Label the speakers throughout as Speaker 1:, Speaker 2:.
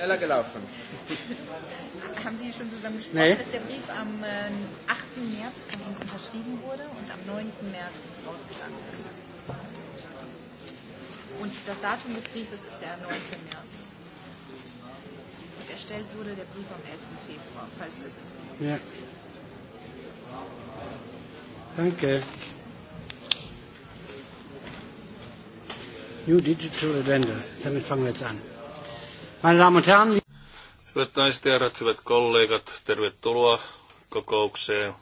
Speaker 1: Schneller gelaufen. Haben Sie schon zusammen gesprochen, nee. dass der Brief am 8. Ähm, März von Ihnen unterschrieben wurde und am 9. März rausgegangen ist? Und das Datum des Briefes ist der 9. März. Und erstellt wurde der Brief am 11. Februar, falls das
Speaker 2: Ja. Danke.
Speaker 1: New Digital Agenda. Damit fangen wir jetzt an.
Speaker 2: Hyvät naiset ja herrat, hyvät kollegat, tervetuloa kokoukseen.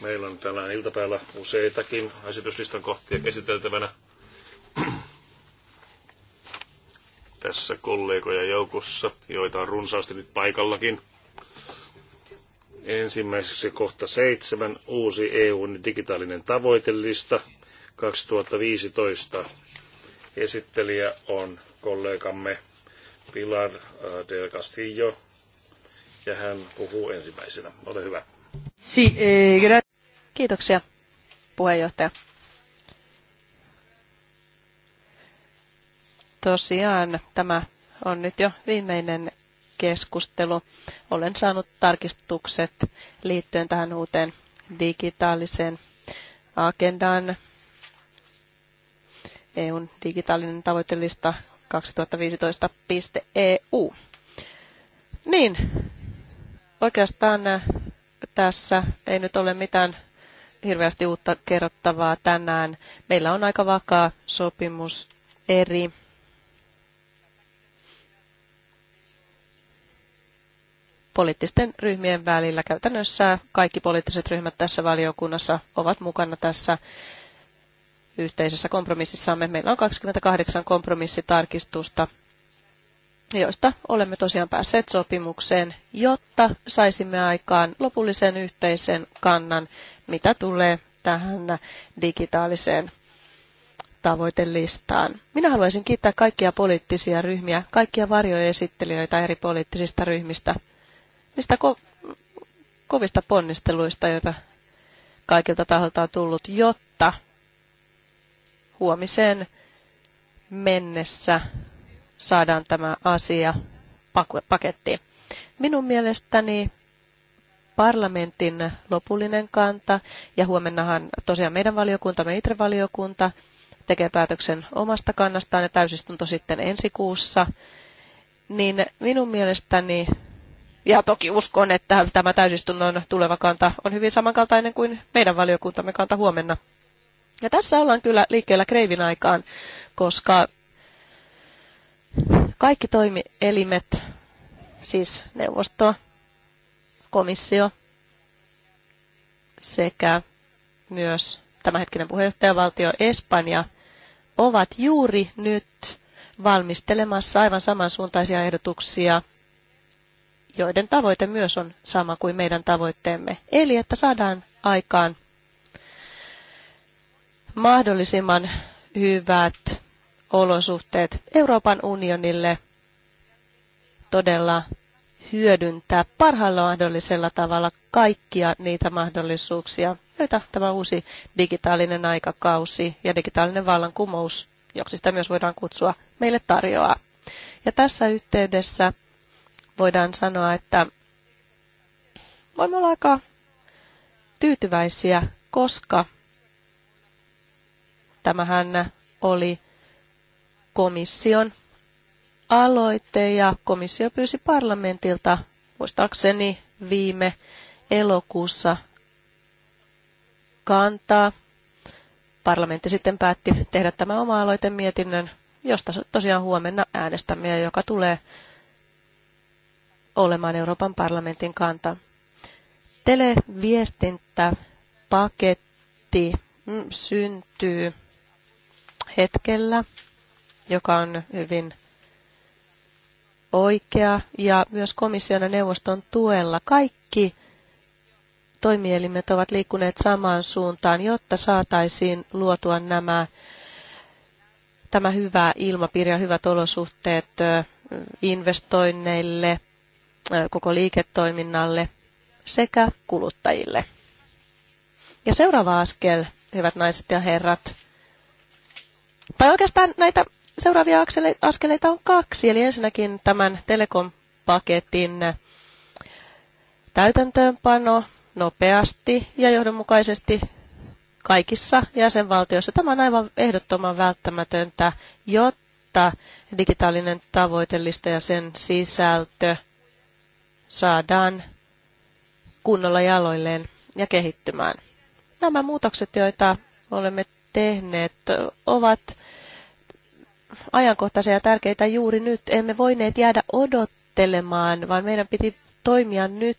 Speaker 2: Meillä on tällä iltapäivällä useitakin esityslistan kohtia käsiteltävänä. Tässä kollegoja joukossa, joita on runsaasti nyt paikallakin. Ensimmäiseksi kohta seitsemän, uusi EUn digitaalinen tavoitelista 2015. Esittelijä on kollegamme Pilar äh, del Castillo, ja hän puhuu ensimmäisenä. Ole hyvä.
Speaker 3: Eh, Kiitoksia, puheenjohtaja. Tosiaan tämä on nyt jo viimeinen keskustelu. Olen saanut tarkistukset liittyen tähän uuteen digitaaliseen agendaan. EUn digitaalinen tavoitelista 2015.eu. E niin, oikeastaan äh, tässä ei nyt ole mitään hirveästi uutta kerrottavaa tänään. Meillä on aika vakaa sopimus eri. poliittisten ryhmien välillä. Käytännössä kaikki poliittiset ryhmät tässä valiokunnassa ovat mukana tässä yhteisessä kompromississamme. Meillä on 28 kompromissitarkistusta, joista olemme tosiaan päässeet sopimukseen, jotta saisimme aikaan lopullisen yhteisen kannan, mitä tulee tähän digitaaliseen tavoitelistaan. Minä haluaisin kiittää kaikkia poliittisia ryhmiä, kaikkia varjoesittelijöitä eri poliittisista ryhmistä, niistä ko- kovista ponnisteluista, joita kaikilta taholta on tullut, jotta huomiseen mennessä saadaan tämä asia pakettiin. Minun mielestäni parlamentin lopullinen kanta, ja huomennahan tosiaan meidän valiokunta, meidän valiokunta tekee päätöksen omasta kannastaan ja täysistunto sitten ensi kuussa, niin minun mielestäni, ja toki uskon, että tämä täysistunnon tuleva kanta on hyvin samankaltainen kuin meidän valiokuntamme kanta huomenna, ja tässä ollaan kyllä liikkeellä kreivin aikaan, koska kaikki toimielimet, siis neuvosto, komissio sekä myös tämänhetkinen puheenjohtajavaltio Espanja ovat juuri nyt valmistelemassa aivan samansuuntaisia ehdotuksia, joiden tavoite myös on sama kuin meidän tavoitteemme. Eli että saadaan aikaan mahdollisimman hyvät olosuhteet Euroopan unionille todella hyödyntää parhaalla mahdollisella tavalla kaikkia niitä mahdollisuuksia, joita tämä uusi digitaalinen aikakausi ja digitaalinen vallankumous, joksi sitä myös voidaan kutsua, meille tarjoaa. Ja tässä yhteydessä voidaan sanoa, että voimme olla aika tyytyväisiä, koska Tämähän oli komission aloite ja komissio pyysi parlamentilta, muistaakseni viime elokuussa kantaa. Parlamentti sitten päätti tehdä tämä oma aloitemietinnön, josta tosiaan huomenna äänestämme ja joka tulee olemaan Euroopan parlamentin kanta. Televiestintäpaketti mm, syntyy hetkellä, joka on hyvin oikea ja myös komission ja neuvoston tuella kaikki toimielimet ovat liikkuneet samaan suuntaan, jotta saataisiin luotua nämä, tämä hyvä ilmapiiri ja hyvät olosuhteet investoinneille, koko liiketoiminnalle sekä kuluttajille. Ja seuraava askel, hyvät naiset ja herrat, tai oikeastaan näitä seuraavia askeleita on kaksi. Eli ensinnäkin tämän telekompaketin täytäntöönpano nopeasti ja johdonmukaisesti kaikissa jäsenvaltioissa. Tämä on aivan ehdottoman välttämätöntä, jotta digitaalinen tavoitelista ja sen sisältö saadaan kunnolla jaloilleen ja kehittymään. Nämä muutokset, joita olemme tehneet, ovat ajankohtaisia ja tärkeitä juuri nyt. Emme voineet jäädä odottelemaan, vaan meidän piti toimia nyt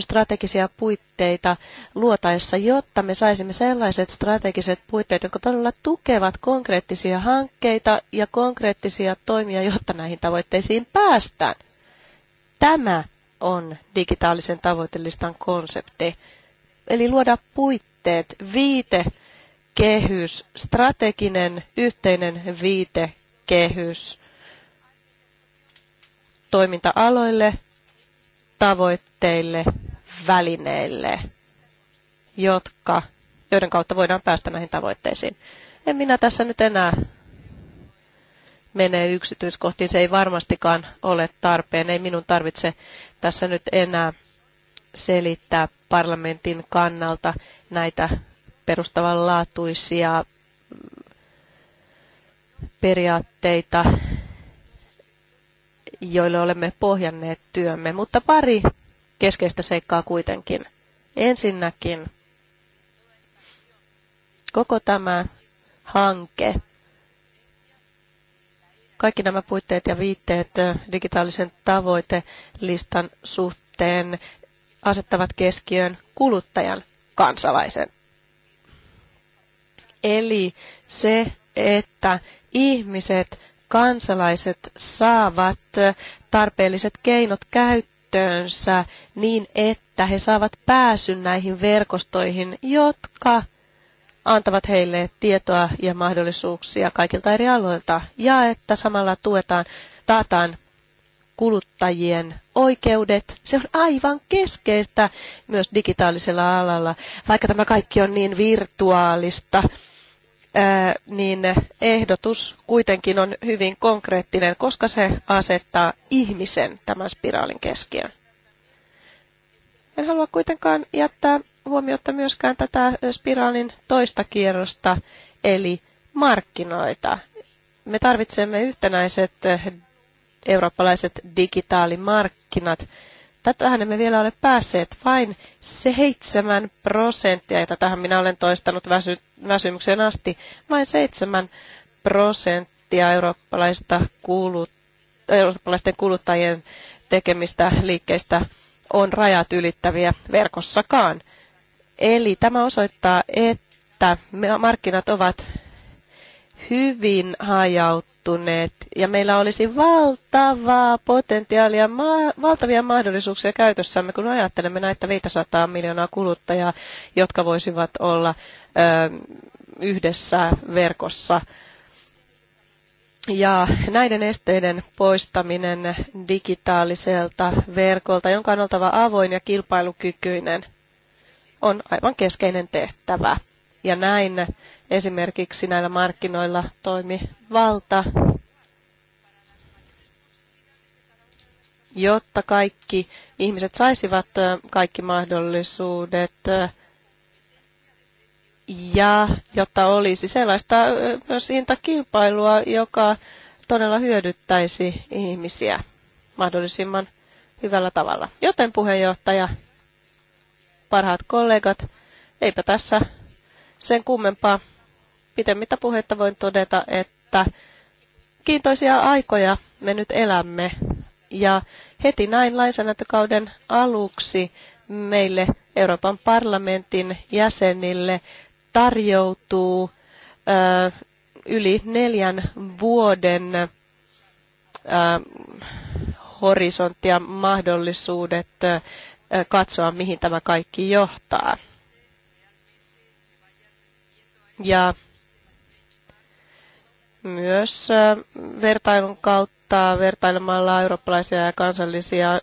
Speaker 3: strategisia puitteita luotaessa, jotta me saisimme sellaiset strategiset puitteet, jotka todella tukevat konkreettisia hankkeita ja konkreettisia toimia, jotta näihin tavoitteisiin päästään. Tämä on digitaalisen tavoitelistan konsepti. Eli luoda puitteet, viite kehys, strateginen yhteinen viitekehys toiminta-aloille, tavoitteille, välineille, jotka, joiden kautta voidaan päästä näihin tavoitteisiin. En minä tässä nyt enää mene yksityiskohtiin. Se ei varmastikaan ole tarpeen. Ei minun tarvitse tässä nyt enää selittää parlamentin kannalta näitä perustavanlaatuisia periaatteita, joille olemme pohjanneet työmme, mutta pari keskeistä seikkaa kuitenkin. Ensinnäkin koko tämä hanke, kaikki nämä puitteet ja viitteet digitaalisen tavoitelistan suhteen asettavat keskiöön kuluttajan kansalaisen. Eli se, että ihmiset, kansalaiset saavat tarpeelliset keinot käyttöönsä niin, että he saavat pääsyn näihin verkostoihin, jotka antavat heille tietoa ja mahdollisuuksia kaikilta eri aloilta ja että samalla tuetaan, taataan kuluttajien oikeudet. Se on aivan keskeistä myös digitaalisella alalla, vaikka tämä kaikki on niin virtuaalista niin ehdotus kuitenkin on hyvin konkreettinen, koska se asettaa ihmisen tämän spiraalin keskiöön. En halua kuitenkaan jättää huomiota myöskään tätä spiraalin toista kierrosta, eli markkinoita. Me tarvitsemme yhtenäiset eurooppalaiset digitaalimarkkinat, Tätähän emme vielä ole päässeet vain 7 prosenttia, ja tätähän minä olen toistanut väsy, väsymykseen asti, vain 7 prosenttia eurooppalaista kulut, eurooppalaisten kuluttajien tekemistä liikkeistä on rajat ylittäviä verkossakaan. Eli tämä osoittaa, että markkinat ovat hyvin hajautuneet muuttuneet ja meillä olisi valtavaa potentiaalia, ma- valtavia mahdollisuuksia käytössämme, kun ajattelemme näitä 500 miljoonaa kuluttajaa, jotka voisivat olla ö, yhdessä verkossa. Ja näiden esteiden poistaminen digitaaliselta verkolta, jonka on oltava avoin ja kilpailukykyinen, on aivan keskeinen tehtävä. Ja näin esimerkiksi näillä markkinoilla toimi valta, jotta kaikki ihmiset saisivat kaikki mahdollisuudet ja jotta olisi sellaista myös hintakilpailua, joka todella hyödyttäisi ihmisiä mahdollisimman hyvällä tavalla. Joten puheenjohtaja, parhaat kollegat, eipä tässä sen kummempaa. Pitemmittä puhetta voin todeta, että kiintoisia aikoja me nyt elämme. Ja heti näin lainsäädäntökauden aluksi meille Euroopan parlamentin jäsenille tarjoutuu ö, yli neljän vuoden ö, horisonttia mahdollisuudet ö, katsoa, mihin tämä kaikki johtaa. Ja myös vertailun kautta, vertailemalla eurooppalaisia ja kansallisia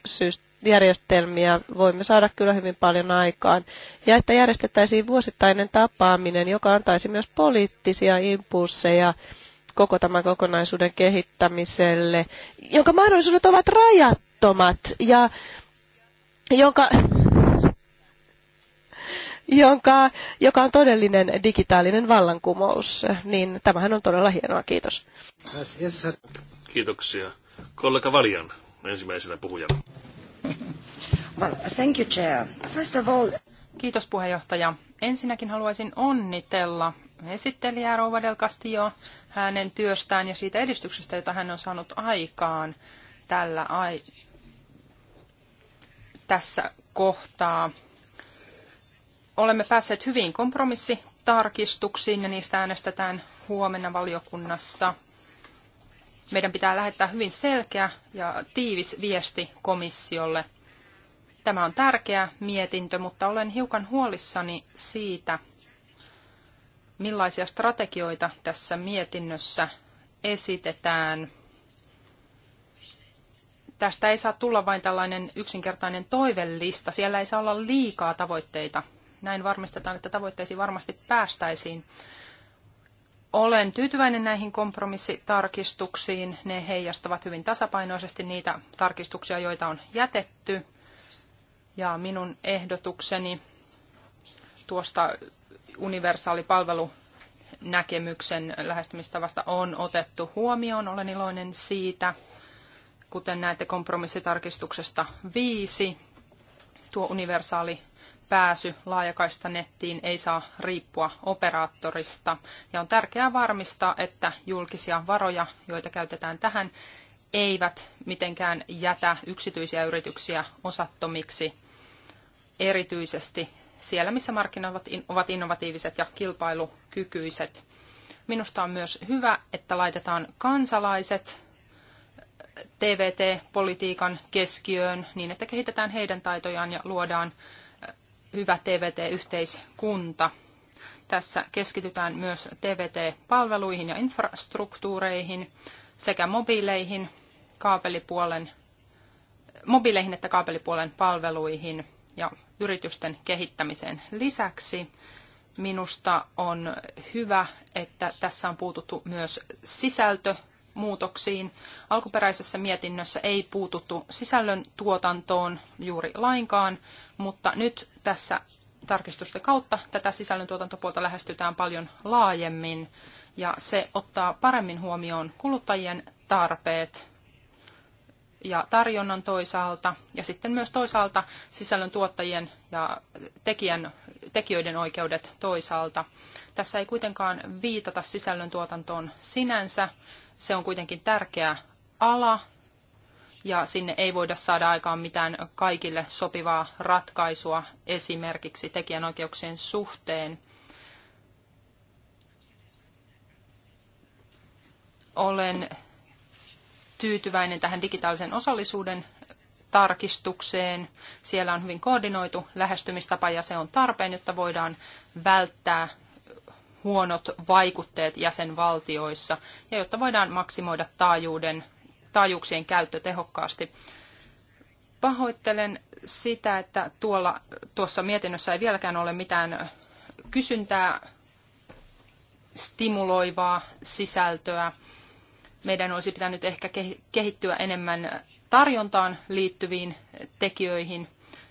Speaker 3: järjestelmiä, voimme saada kyllä hyvin paljon aikaan. Ja että järjestettäisiin vuosittainen tapaaminen, joka antaisi myös poliittisia impulseja koko tämän kokonaisuuden kehittämiselle, jonka mahdollisuudet ovat rajattomat ja jonka jonka, joka on todellinen digitaalinen vallankumous. Niin tämähän on todella hienoa. Kiitos.
Speaker 2: Kiitoksia. Kollega Valjan ensimmäisenä puhujana.
Speaker 1: Well, thank you, Chair. First of all... Kiitos puheenjohtaja. Ensinnäkin haluaisin onnitella esittelijää Rouva Del Castillo hänen työstään ja siitä edistyksestä, jota hän on saanut aikaan tällä ai- tässä kohtaa olemme päässeet hyviin kompromissitarkistuksiin ja niistä äänestetään huomenna valiokunnassa. Meidän pitää lähettää hyvin selkeä ja tiivis viesti komissiolle. Tämä on tärkeä mietintö, mutta olen hiukan huolissani siitä, millaisia strategioita tässä mietinnössä esitetään. Tästä ei saa tulla vain tällainen yksinkertainen toivelista. Siellä ei saa olla liikaa tavoitteita näin varmistetaan, että tavoitteisiin varmasti päästäisiin. Olen tyytyväinen näihin kompromissitarkistuksiin. Ne heijastavat hyvin tasapainoisesti niitä tarkistuksia, joita on jätetty. Ja minun ehdotukseni tuosta universaalipalvelunäkemyksen näkemyksen lähestymistavasta on otettu huomioon. Olen iloinen siitä, kuten näette kompromissitarkistuksesta viisi. Tuo universaali pääsy laajakaista nettiin ei saa riippua operaattorista. Ja on tärkeää varmistaa, että julkisia varoja, joita käytetään tähän, eivät mitenkään jätä yksityisiä yrityksiä osattomiksi, erityisesti siellä, missä markkinat ovat innovatiiviset ja kilpailukykyiset. Minusta on myös hyvä, että laitetaan kansalaiset TVT-politiikan keskiöön niin, että kehitetään heidän taitojaan ja luodaan hyvä TVT-yhteiskunta. Tässä keskitytään myös TVT-palveluihin ja infrastruktuureihin sekä mobiileihin, kaapelipuolen, mobiileihin että kaapelipuolen palveluihin ja yritysten kehittämiseen lisäksi. Minusta on hyvä, että tässä on puututtu myös sisältö muutoksiin. Alkuperäisessä mietinnössä ei puututtu sisällön tuotantoon juuri lainkaan, mutta nyt tässä tarkistusten kautta tätä sisällön tuotantopuolta lähestytään paljon laajemmin ja se ottaa paremmin huomioon kuluttajien tarpeet ja tarjonnan toisaalta ja sitten myös toisaalta sisällön tuottajien ja tekijän, tekijöiden oikeudet toisaalta. Tässä ei kuitenkaan viitata sisällön tuotantoon sinänsä, se on kuitenkin tärkeä ala ja sinne ei voida saada aikaan mitään kaikille sopivaa ratkaisua esimerkiksi tekijänoikeuksien suhteen. Olen tyytyväinen tähän digitaalisen osallisuuden tarkistukseen. Siellä on hyvin koordinoitu lähestymistapa ja se on tarpeen, jotta voidaan välttää huonot vaikutteet jäsenvaltioissa ja jotta voidaan maksimoida taajuuden, taajuuksien käyttö tehokkaasti. Pahoittelen sitä, että tuolla, tuossa mietinnössä ei vieläkään ole mitään kysyntää stimuloivaa sisältöä. Meidän olisi pitänyt ehkä kehittyä enemmän tarjontaan liittyviin tekijöihin,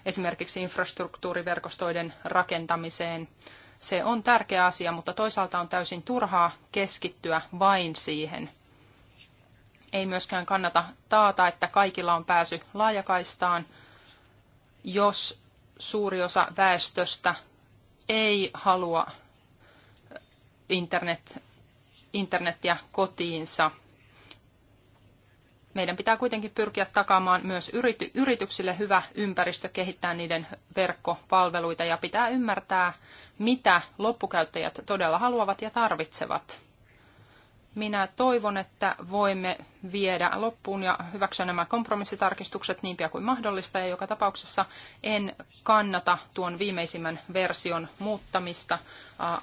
Speaker 1: esimerkiksi infrastruktuuriverkostoiden rakentamiseen, se on tärkeä asia, mutta toisaalta on täysin turhaa keskittyä vain siihen. Ei myöskään kannata taata, että kaikilla on pääsy laajakaistaan, jos suuri osa väestöstä ei halua internet, internetiä kotiinsa – meidän pitää kuitenkin pyrkiä takaamaan myös yrity, yrityksille hyvä ympäristö kehittää niiden verkkopalveluita ja pitää ymmärtää, mitä loppukäyttäjät todella haluavat ja tarvitsevat. Minä toivon, että voimme viedä loppuun ja hyväksyä nämä kompromissitarkistukset niin pian kuin mahdollista. Ja joka tapauksessa en kannata tuon viimeisimmän version muuttamista.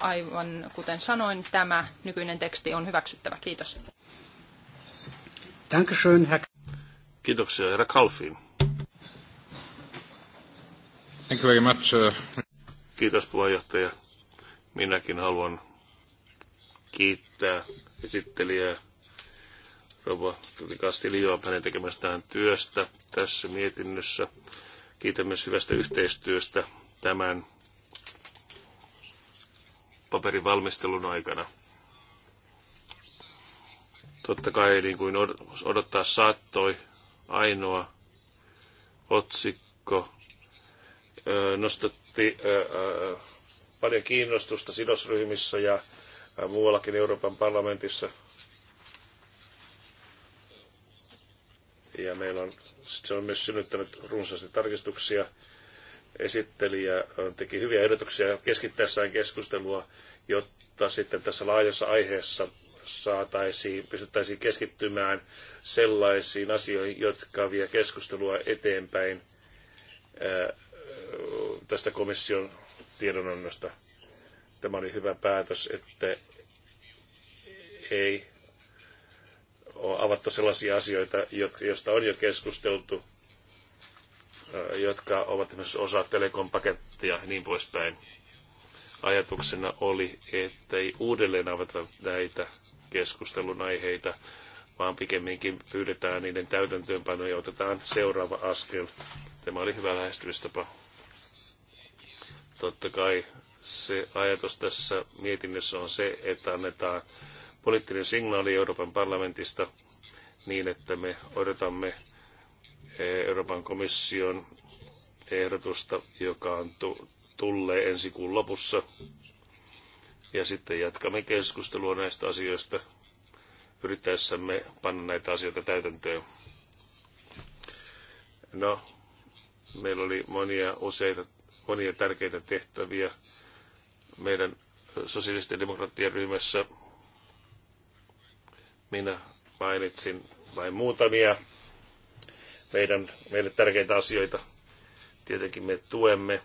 Speaker 1: Aivan kuten sanoin, tämä nykyinen teksti on hyväksyttävä. Kiitos.
Speaker 2: Dankeschön, Herr... Kiitoksia, herra Kalfi. Thank you very much. Uh, Kiitos puheenjohtaja. Minäkin haluan kiittää esittelijää Rova Kastilioa hänen tekemästään työstä tässä mietinnössä. Kiitän myös hyvästä yhteistyöstä tämän paperin valmistelun aikana. Totta kai niin kuin odottaa saattoi ainoa otsikko nostatti paljon kiinnostusta sidosryhmissä ja muuallakin Euroopan parlamentissa. Ja meillä on, se on myös synnyttänyt runsaasti tarkistuksia. Esittelijä teki hyviä ehdotuksia keskittäessään keskustelua, jotta sitten tässä laajassa aiheessa saataisiin, pystyttäisiin keskittymään sellaisiin asioihin, jotka vie keskustelua eteenpäin tästä komission tiedonannosta. Tämä oli hyvä päätös, että ei ole avattu sellaisia asioita, joista on jo keskusteltu, jotka ovat esimerkiksi osa telekompakettia ja niin poispäin. Ajatuksena oli, ettei uudelleen avata näitä keskustelun aiheita, vaan pikemminkin pyydetään niiden täytäntöönpanoja ja otetaan seuraava askel. Tämä oli hyvä lähestymistapa. Totta kai se ajatus tässä mietinnössä on se, että annetaan poliittinen signaali Euroopan parlamentista niin, että me odotamme eh, Euroopan komission ehdotusta, joka on tullee ensi kuun lopussa ja sitten jatkamme keskustelua näistä asioista yrittäessämme panna näitä asioita täytäntöön. No, meillä oli monia useita, monia tärkeitä tehtäviä meidän sosiaalisten demokratian ryhmässä. Minä mainitsin vain muutamia meidän, meille tärkeitä asioita. Tietenkin me tuemme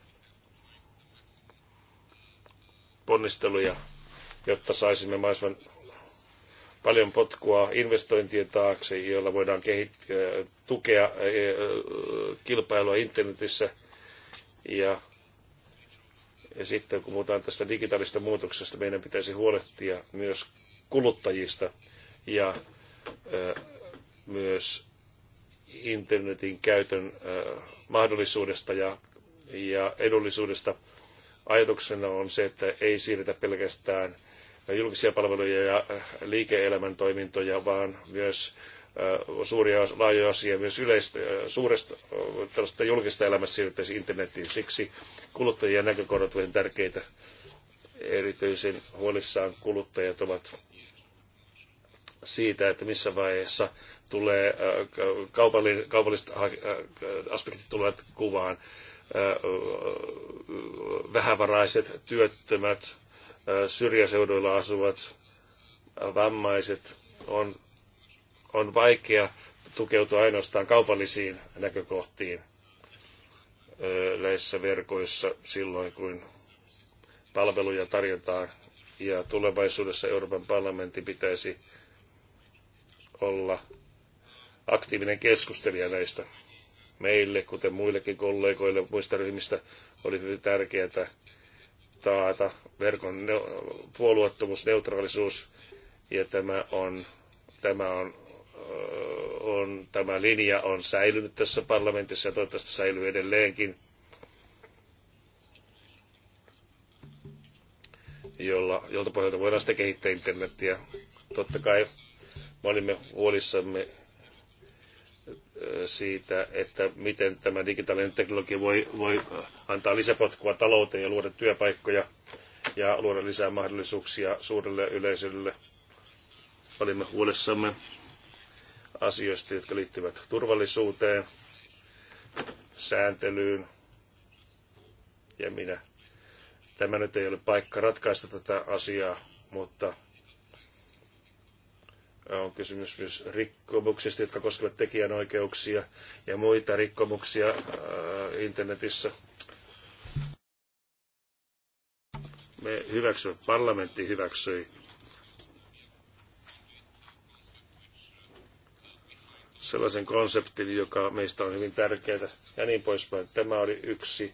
Speaker 2: ponnisteluja, jotta saisimme mahdollisimman paljon potkua investointien taakse, joilla voidaan kehit- äh, tukea äh, kilpailua internetissä. Ja, ja sitten kun puhutaan tästä digitaalista muutoksesta, meidän pitäisi huolehtia myös kuluttajista ja äh, myös internetin käytön mahdollisuudesta ja, ja edullisuudesta – ajatuksena on se, että ei siirretä pelkästään julkisia palveluja ja äh, liike-elämän toimintoja, vaan myös äh, suuria laajoja asioita myös yleistä, äh, suuresta tällaista julkista elämästä siirrettäisiin internetiin. Siksi kuluttajien näkökohdat ovat tärkeitä. Erityisen huolissaan kuluttajat ovat siitä, että missä vaiheessa tulee kaupalliset aspektit tulevat kuvaan vähävaraiset, työttömät, syrjäseuduilla asuvat, vammaiset, on, on vaikea tukeutua ainoastaan kaupallisiin näkökohtiin näissä verkoissa silloin, kun palveluja tarjotaan. Ja tulevaisuudessa Euroopan parlamentti pitäisi olla aktiivinen keskustelija näistä meille, kuten muillekin kollegoille muista ryhmistä, oli hyvin tärkeää taata verkon ne- puolueettomuus, neutraalisuus, ja tämä on, tämä on, on, tämä linja on säilynyt tässä parlamentissa ja toivottavasti säilyy edelleenkin. jolla, jolta pohjalta voidaan sitten kehittää internetiä. Totta kai me olimme huolissamme siitä, että miten tämä digitaalinen teknologia voi, voi antaa lisäpotkua talouteen ja luoda työpaikkoja ja luoda lisää mahdollisuuksia suurelle yleisölle. Olimme huolissamme asioista, jotka liittyvät turvallisuuteen, sääntelyyn ja minä. Tämä nyt ei ole paikka ratkaista tätä asiaa, mutta on kysymys myös rikkomuksista, jotka koskevat tekijänoikeuksia ja muita rikkomuksia äh, internetissä. Me hyväksymme, parlamentti hyväksyi sellaisen konseptin, joka meistä on hyvin tärkeää ja niin poispäin. Tämä oli yksi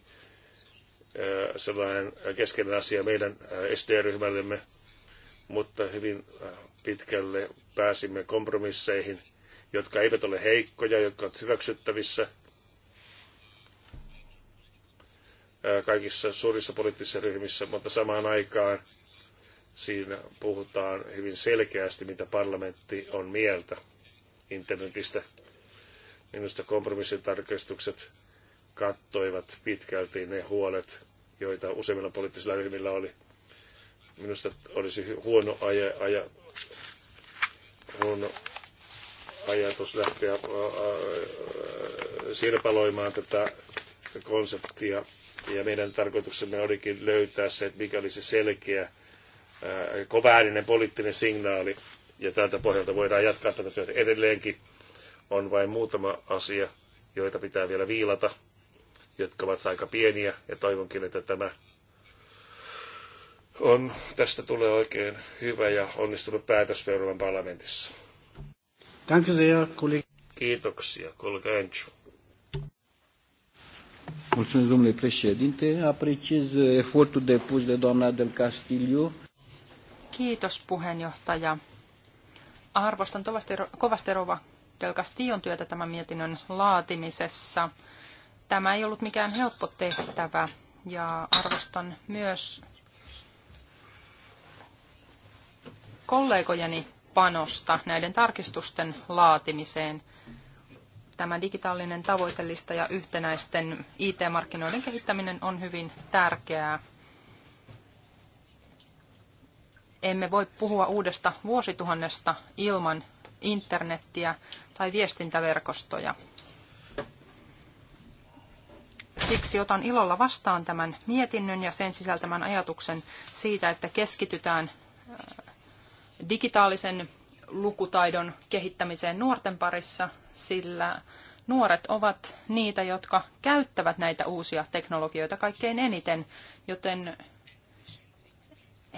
Speaker 2: äh, sellainen keskeinen asia meidän äh, SD-ryhmällemme, mutta hyvin pitkälle pääsimme kompromisseihin, jotka eivät ole heikkoja, jotka ovat hyväksyttävissä kaikissa suurissa poliittisissa ryhmissä, mutta samaan aikaan siinä puhutaan hyvin selkeästi, mitä parlamentti on mieltä internetistä. Minusta kompromissitarkistukset kattoivat pitkälti ne huolet, joita useimmilla poliittisilla ryhmillä oli. Minusta olisi huono aja, aja on ajatus lähteä äh, äh, sirpaloimaan tätä konseptia. Ja meidän tarkoituksemme olikin löytää se, että mikä olisi selkeä, äh, kovääninen poliittinen signaali. Ja tältä pohjalta voidaan jatkaa tätä työtä edelleenkin. On vain muutama asia, joita pitää vielä viilata, jotka ovat aika pieniä. Ja toivonkin, että tämä on, tästä tulee oikein hyvä ja onnistunut päätös Euroopan parlamentissa. Kiitoksia, kollega Enchu. Mulțumesc, domnule președinte. Apreciez efortul depus de doamna Del Castillo.
Speaker 1: Kiitos, puheenjohtaja. Arvostan tovasti, kovasti Rova Del Castillon työtä tämän mietinnön laatimisessa. Tämä ei ollut mikään helppo tehtävä ja arvostan myös kollegojeni panosta näiden tarkistusten laatimiseen. Tämä digitaalinen tavoitelista ja yhtenäisten IT-markkinoiden kehittäminen on hyvin tärkeää. Emme voi puhua uudesta vuosituhannesta ilman internettiä tai viestintäverkostoja. Siksi otan ilolla vastaan tämän mietinnön ja sen sisältämän ajatuksen siitä, että keskitytään digitaalisen lukutaidon kehittämiseen nuorten parissa, sillä nuoret ovat niitä, jotka käyttävät näitä uusia teknologioita kaikkein eniten, joten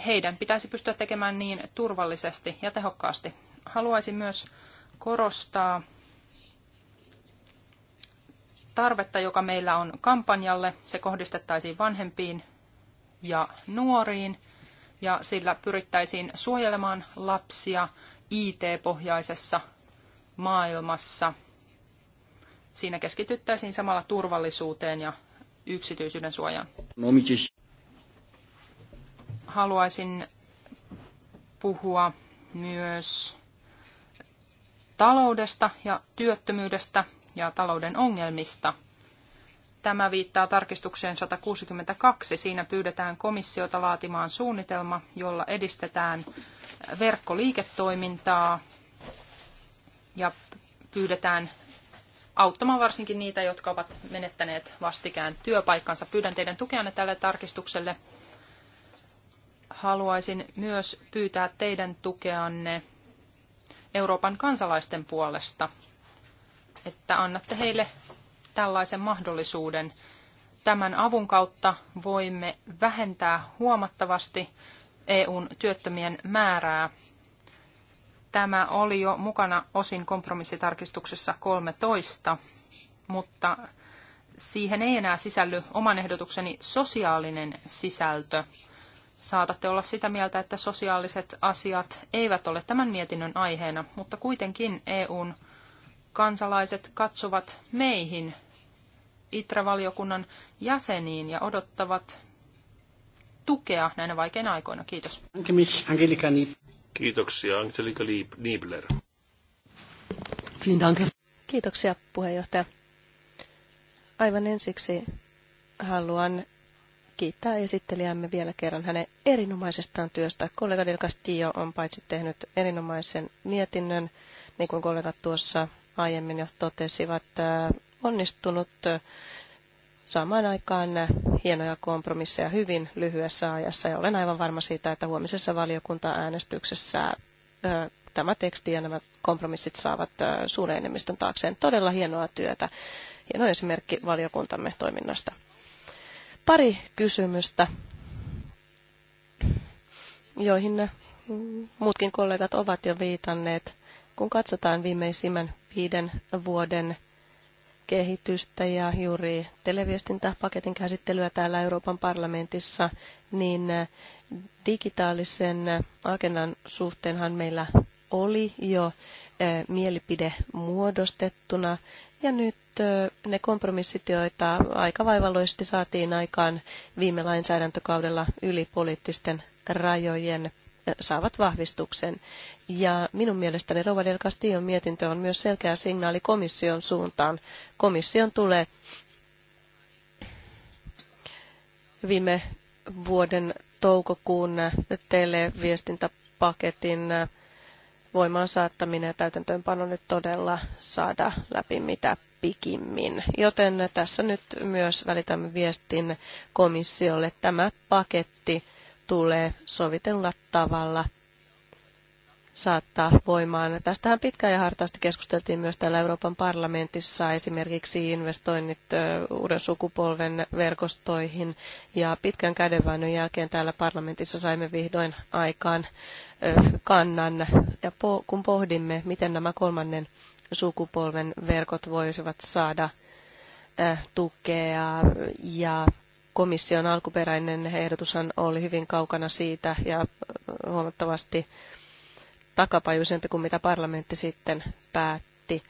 Speaker 1: heidän pitäisi pystyä tekemään niin turvallisesti ja tehokkaasti. Haluaisin myös korostaa tarvetta, joka meillä on kampanjalle. Se kohdistettaisiin vanhempiin ja nuoriin ja sillä pyrittäisiin suojelemaan lapsia IT-pohjaisessa maailmassa. Siinä keskityttäisiin samalla turvallisuuteen ja yksityisyyden suojaan. Haluaisin puhua myös taloudesta ja työttömyydestä ja talouden ongelmista – Tämä viittaa tarkistukseen 162. Siinä pyydetään komissiota laatimaan suunnitelma, jolla edistetään verkkoliiketoimintaa ja pyydetään auttamaan varsinkin niitä, jotka ovat menettäneet vastikään työpaikkansa. Pyydän teidän tukeanne tälle tarkistukselle. Haluaisin myös pyytää teidän tukeanne Euroopan kansalaisten puolesta, että annatte heille tällaisen mahdollisuuden. Tämän avun kautta voimme vähentää huomattavasti EUn työttömien määrää. Tämä oli jo mukana osin kompromissitarkistuksessa 13, mutta siihen ei enää sisälly oman ehdotukseni sosiaalinen sisältö. Saatatte olla sitä mieltä, että sosiaaliset asiat eivät ole tämän mietinnön aiheena, mutta kuitenkin EUn kansalaiset katsovat meihin ITRA-valiokunnan jäseniin ja odottavat tukea näinä vaikeina aikoina. Kiitos.
Speaker 2: Kiitoksia, Angelika Niebler.
Speaker 3: Kiitoksia, puheenjohtaja. Aivan ensiksi haluan kiittää esittelijämme vielä kerran hänen erinomaisestaan työstä. Kollega Del Castillo on paitsi tehnyt erinomaisen mietinnön, niin kuin kollegat tuossa aiemmin jo totesivat, onnistunut saamaan aikaan hienoja kompromisseja hyvin lyhyessä ajassa. Ja olen aivan varma siitä, että huomisessa valiokuntaäänestyksessä tämä teksti ja nämä kompromissit saavat suuren enemmistön taakseen todella hienoa työtä. Hieno esimerkki valiokuntamme toiminnasta. Pari kysymystä, joihin muutkin kollegat ovat jo viitanneet. Kun katsotaan viimeisimmän viiden vuoden kehitystä ja juuri televiestintäpaketin käsittelyä täällä Euroopan parlamentissa, niin eh, digitaalisen eh, agendan suhteenhan meillä oli jo eh, mielipide muodostettuna. Ja nyt ne kompromissit, joita aika vaivalloisesti saatiin aikaan viime lainsäädäntökaudella yli poliittisten rajojen – saavat vahvistuksen. Ja minun mielestäni Rova del Castillon mietintö on myös selkeä signaali komission suuntaan. Komission tulee viime vuoden toukokuun televiestintäpaketin voimaan saattaminen ja täytäntöönpano nyt todella saada läpi mitä pikimmin. Joten tässä nyt myös välitämme viestin komissiolle. Tämä paketti tulee sovitella tavalla saattaa voimaan. Tästähän pitkään ja hartaasti keskusteltiin myös täällä Euroopan parlamentissa esimerkiksi investoinnit uuden sukupolven verkostoihin ja pitkän kädenväännön jälkeen täällä parlamentissa saimme vihdoin aikaan kannan ja kun pohdimme, miten nämä kolmannen sukupolven verkot voisivat saada tukea ja komission alkuperäinen ehdotushan oli hyvin kaukana siitä ja äh, huomattavasti takapajuisempi kuin mitä parlamentti sitten päätti.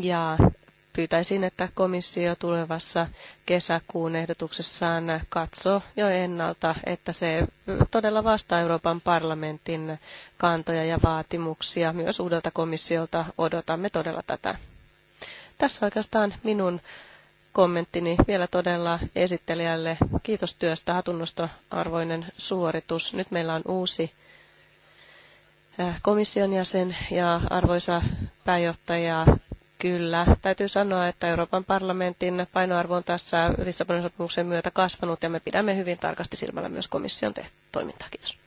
Speaker 3: Ja pyytäisin, että komissio tulevassa kesäkuun ehdotuksessaan katsoo jo ennalta, että se äh, todella vastaa Euroopan parlamentin kantoja ja vaatimuksia. Myös uudelta komissiolta odotamme todella tätä. Tässä oikeastaan minun kommenttini vielä todella esittelijälle. Kiitos työstä, hatunnosta arvoinen suoritus. Nyt meillä on uusi äh, komission jäsen ja arvoisa pääjohtaja Kyllä. Täytyy sanoa, että Euroopan parlamentin painoarvo on tässä Lissabonin sopimuksen myötä kasvanut ja me pidämme hyvin tarkasti silmällä myös komission te- toimintaa. Kiitos.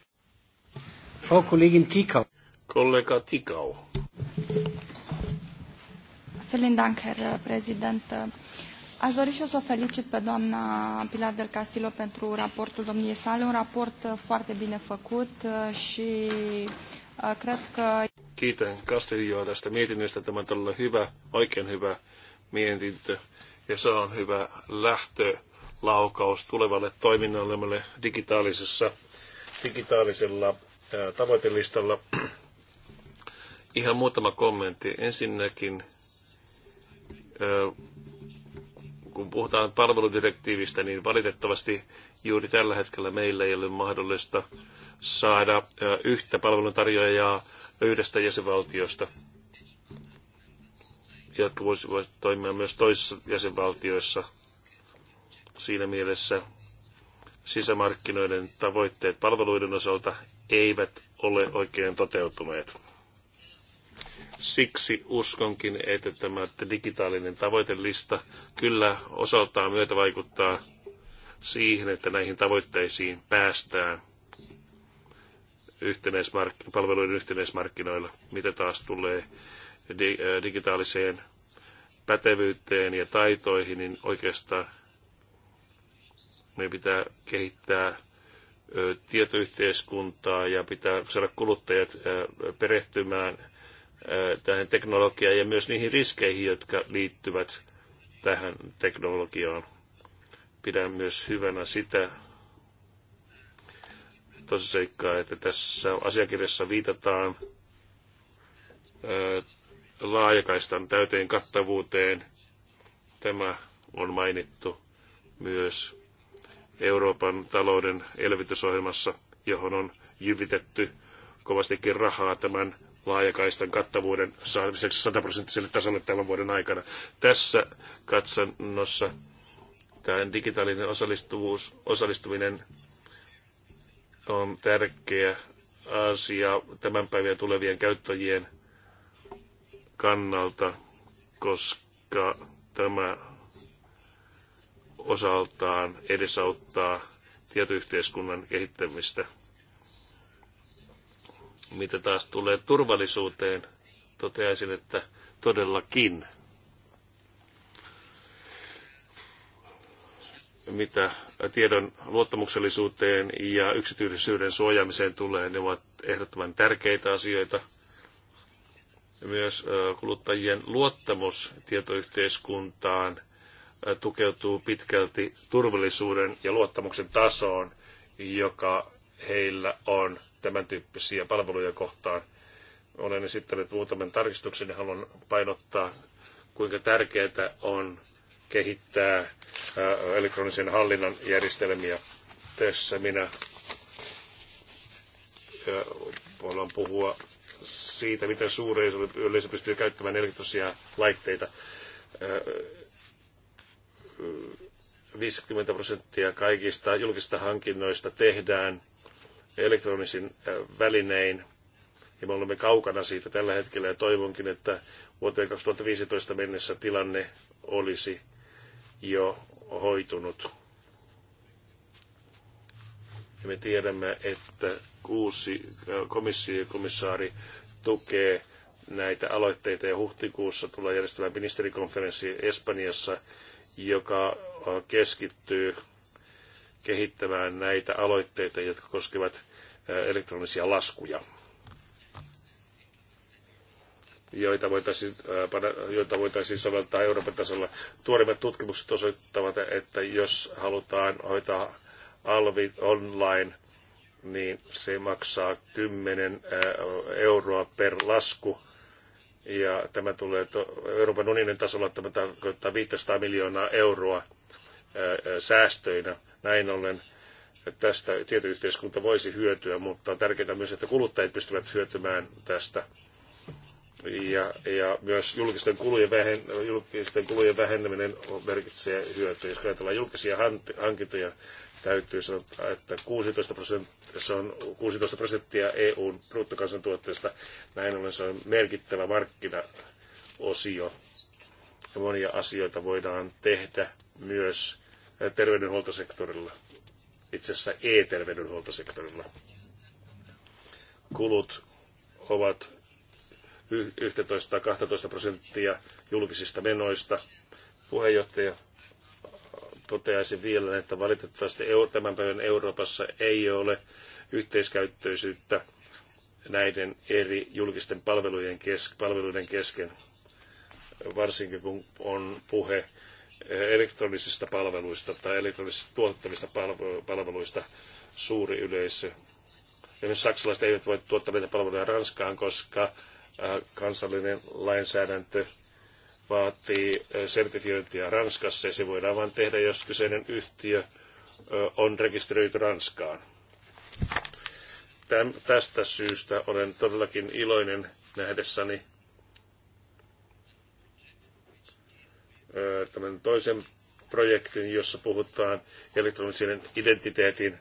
Speaker 2: Kollega Tikau.
Speaker 1: Vielen Dank, Herr Präsident. Aș dori și eu să o felicit pe doamna Pilar del Castillo pentru raportul domniei sale, un raport uh, foarte bine făcut uh, și uh, cred că...
Speaker 2: Kiitän Castillo tästä mietinnöstä. Tämä on todella hyvä, oikein hyvä mietintö ja se on hyvä lähtölaukaus tulevalle toiminnallemme digitaalisessa, digitaalisella tavoitelistalla. Ihan muutama kommentti. Ensinnäkin ää, kun puhutaan palveludirektiivistä, niin valitettavasti juuri tällä hetkellä meillä ei ole mahdollista saada yhtä palveluntarjoajaa yhdestä jäsenvaltiosta, jotka voisivat toimia myös toisissa jäsenvaltioissa. Siinä mielessä sisämarkkinoiden tavoitteet palveluiden osalta eivät ole oikein toteutuneet. Siksi uskonkin, että tämä digitaalinen tavoitelista kyllä osaltaan myötä vaikuttaa siihen, että näihin tavoitteisiin päästään yhtenäismark- palveluiden yhtenäismarkkinoilla, mitä taas tulee di- digitaaliseen pätevyyteen ja taitoihin, niin oikeastaan meidän pitää kehittää tietoyhteiskuntaa ja pitää saada kuluttajat perehtymään tähän teknologiaan ja myös niihin riskeihin, jotka liittyvät tähän teknologiaan. Pidän myös hyvänä sitä tosiseikkaa, että tässä asiakirjassa viitataan laajakaistan täyteen kattavuuteen. Tämä on mainittu myös Euroopan talouden elvytysohjelmassa, johon on jyvitetty kovastikin rahaa tämän laajakaistan kattavuuden saamiseksi sataprosenttiselle tasolle tämän vuoden aikana. Tässä katsannossa tämä digitaalinen osallistuvuus, osallistuminen on tärkeä asia tämän päivän tulevien käyttäjien kannalta, koska tämä osaltaan edesauttaa tietoyhteiskunnan kehittämistä mitä taas tulee turvallisuuteen, toteaisin, että todellakin. Mitä tiedon luottamuksellisuuteen ja yksityisyyden suojaamiseen tulee, ne ovat ehdottoman tärkeitä asioita. Myös kuluttajien luottamus tietoyhteiskuntaan tukeutuu pitkälti turvallisuuden ja luottamuksen tasoon, joka heillä on tämän tyyppisiä palveluja kohtaan. Olen esittänyt muutaman tarkistuksen ja haluan painottaa, kuinka tärkeää on kehittää elektronisen hallinnan järjestelmiä. Tässä minä haluan puhua siitä, miten suuri yleisö pystyy käyttämään elektronisia laitteita. 50 prosenttia kaikista julkisista hankinnoista tehdään elektronisin äh, välinein. Ja me olemme kaukana siitä tällä hetkellä ja toivonkin, että vuoteen 2015 mennessä tilanne olisi jo hoitunut. Ja me tiedämme, että kuusi äh, komissio komissaari tukee näitä aloitteita ja huhtikuussa tulee järjestämään ministerikonferenssi Espanjassa, joka äh, keskittyy kehittämään näitä aloitteita, jotka koskevat elektronisia laskuja, joita voitaisiin, joita voitaisiin soveltaa Euroopan tasolla. Tuoreimmat tutkimukset osoittavat, että jos halutaan hoitaa alvi online, niin se maksaa 10 euroa per lasku. Ja tämä tulee Euroopan unionin tasolla, tämä tarkoittaa 500 miljoonaa euroa säästöinä. Näin ollen tästä tietoyhteiskunta voisi hyötyä, mutta on tärkeää myös, että kuluttajat pystyvät hyötymään tästä. Ja, ja myös julkisten kulujen, vähen, julkisten kulujen väheneminen merkitsee hyötyä. Jos ajatellaan julkisia hankintoja, täytyy sanoa, että 16 prosenttia, se on 16 prosenttia EUn bruttokansantuotteesta. Näin ollen se on merkittävä markkinaosio. Ja monia asioita voidaan tehdä myös terveydenhuoltosektorilla, itse asiassa e-terveydenhuoltosektorilla. Kulut ovat 11-12 prosenttia julkisista menoista. Puheenjohtaja toteaisin vielä, että valitettavasti tämän päivän Euroopassa ei ole yhteiskäyttöisyyttä näiden eri julkisten palvelujen, kes, palveluiden kesken, varsinkin kun on puhe elektronisista palveluista tai elektronisista tuottamista palveluista suuri yleisö. Esimerkiksi saksalaiset eivät voi tuottaa näitä palveluja Ranskaan, koska kansallinen lainsäädäntö vaatii sertifiointia Ranskassa ja se voidaan vain tehdä, jos kyseinen yhtiö on rekisteröity Ranskaan. tästä syystä olen todellakin iloinen nähdessäni tämän toisen projektin, jossa puhutaan elektronisen identiteetin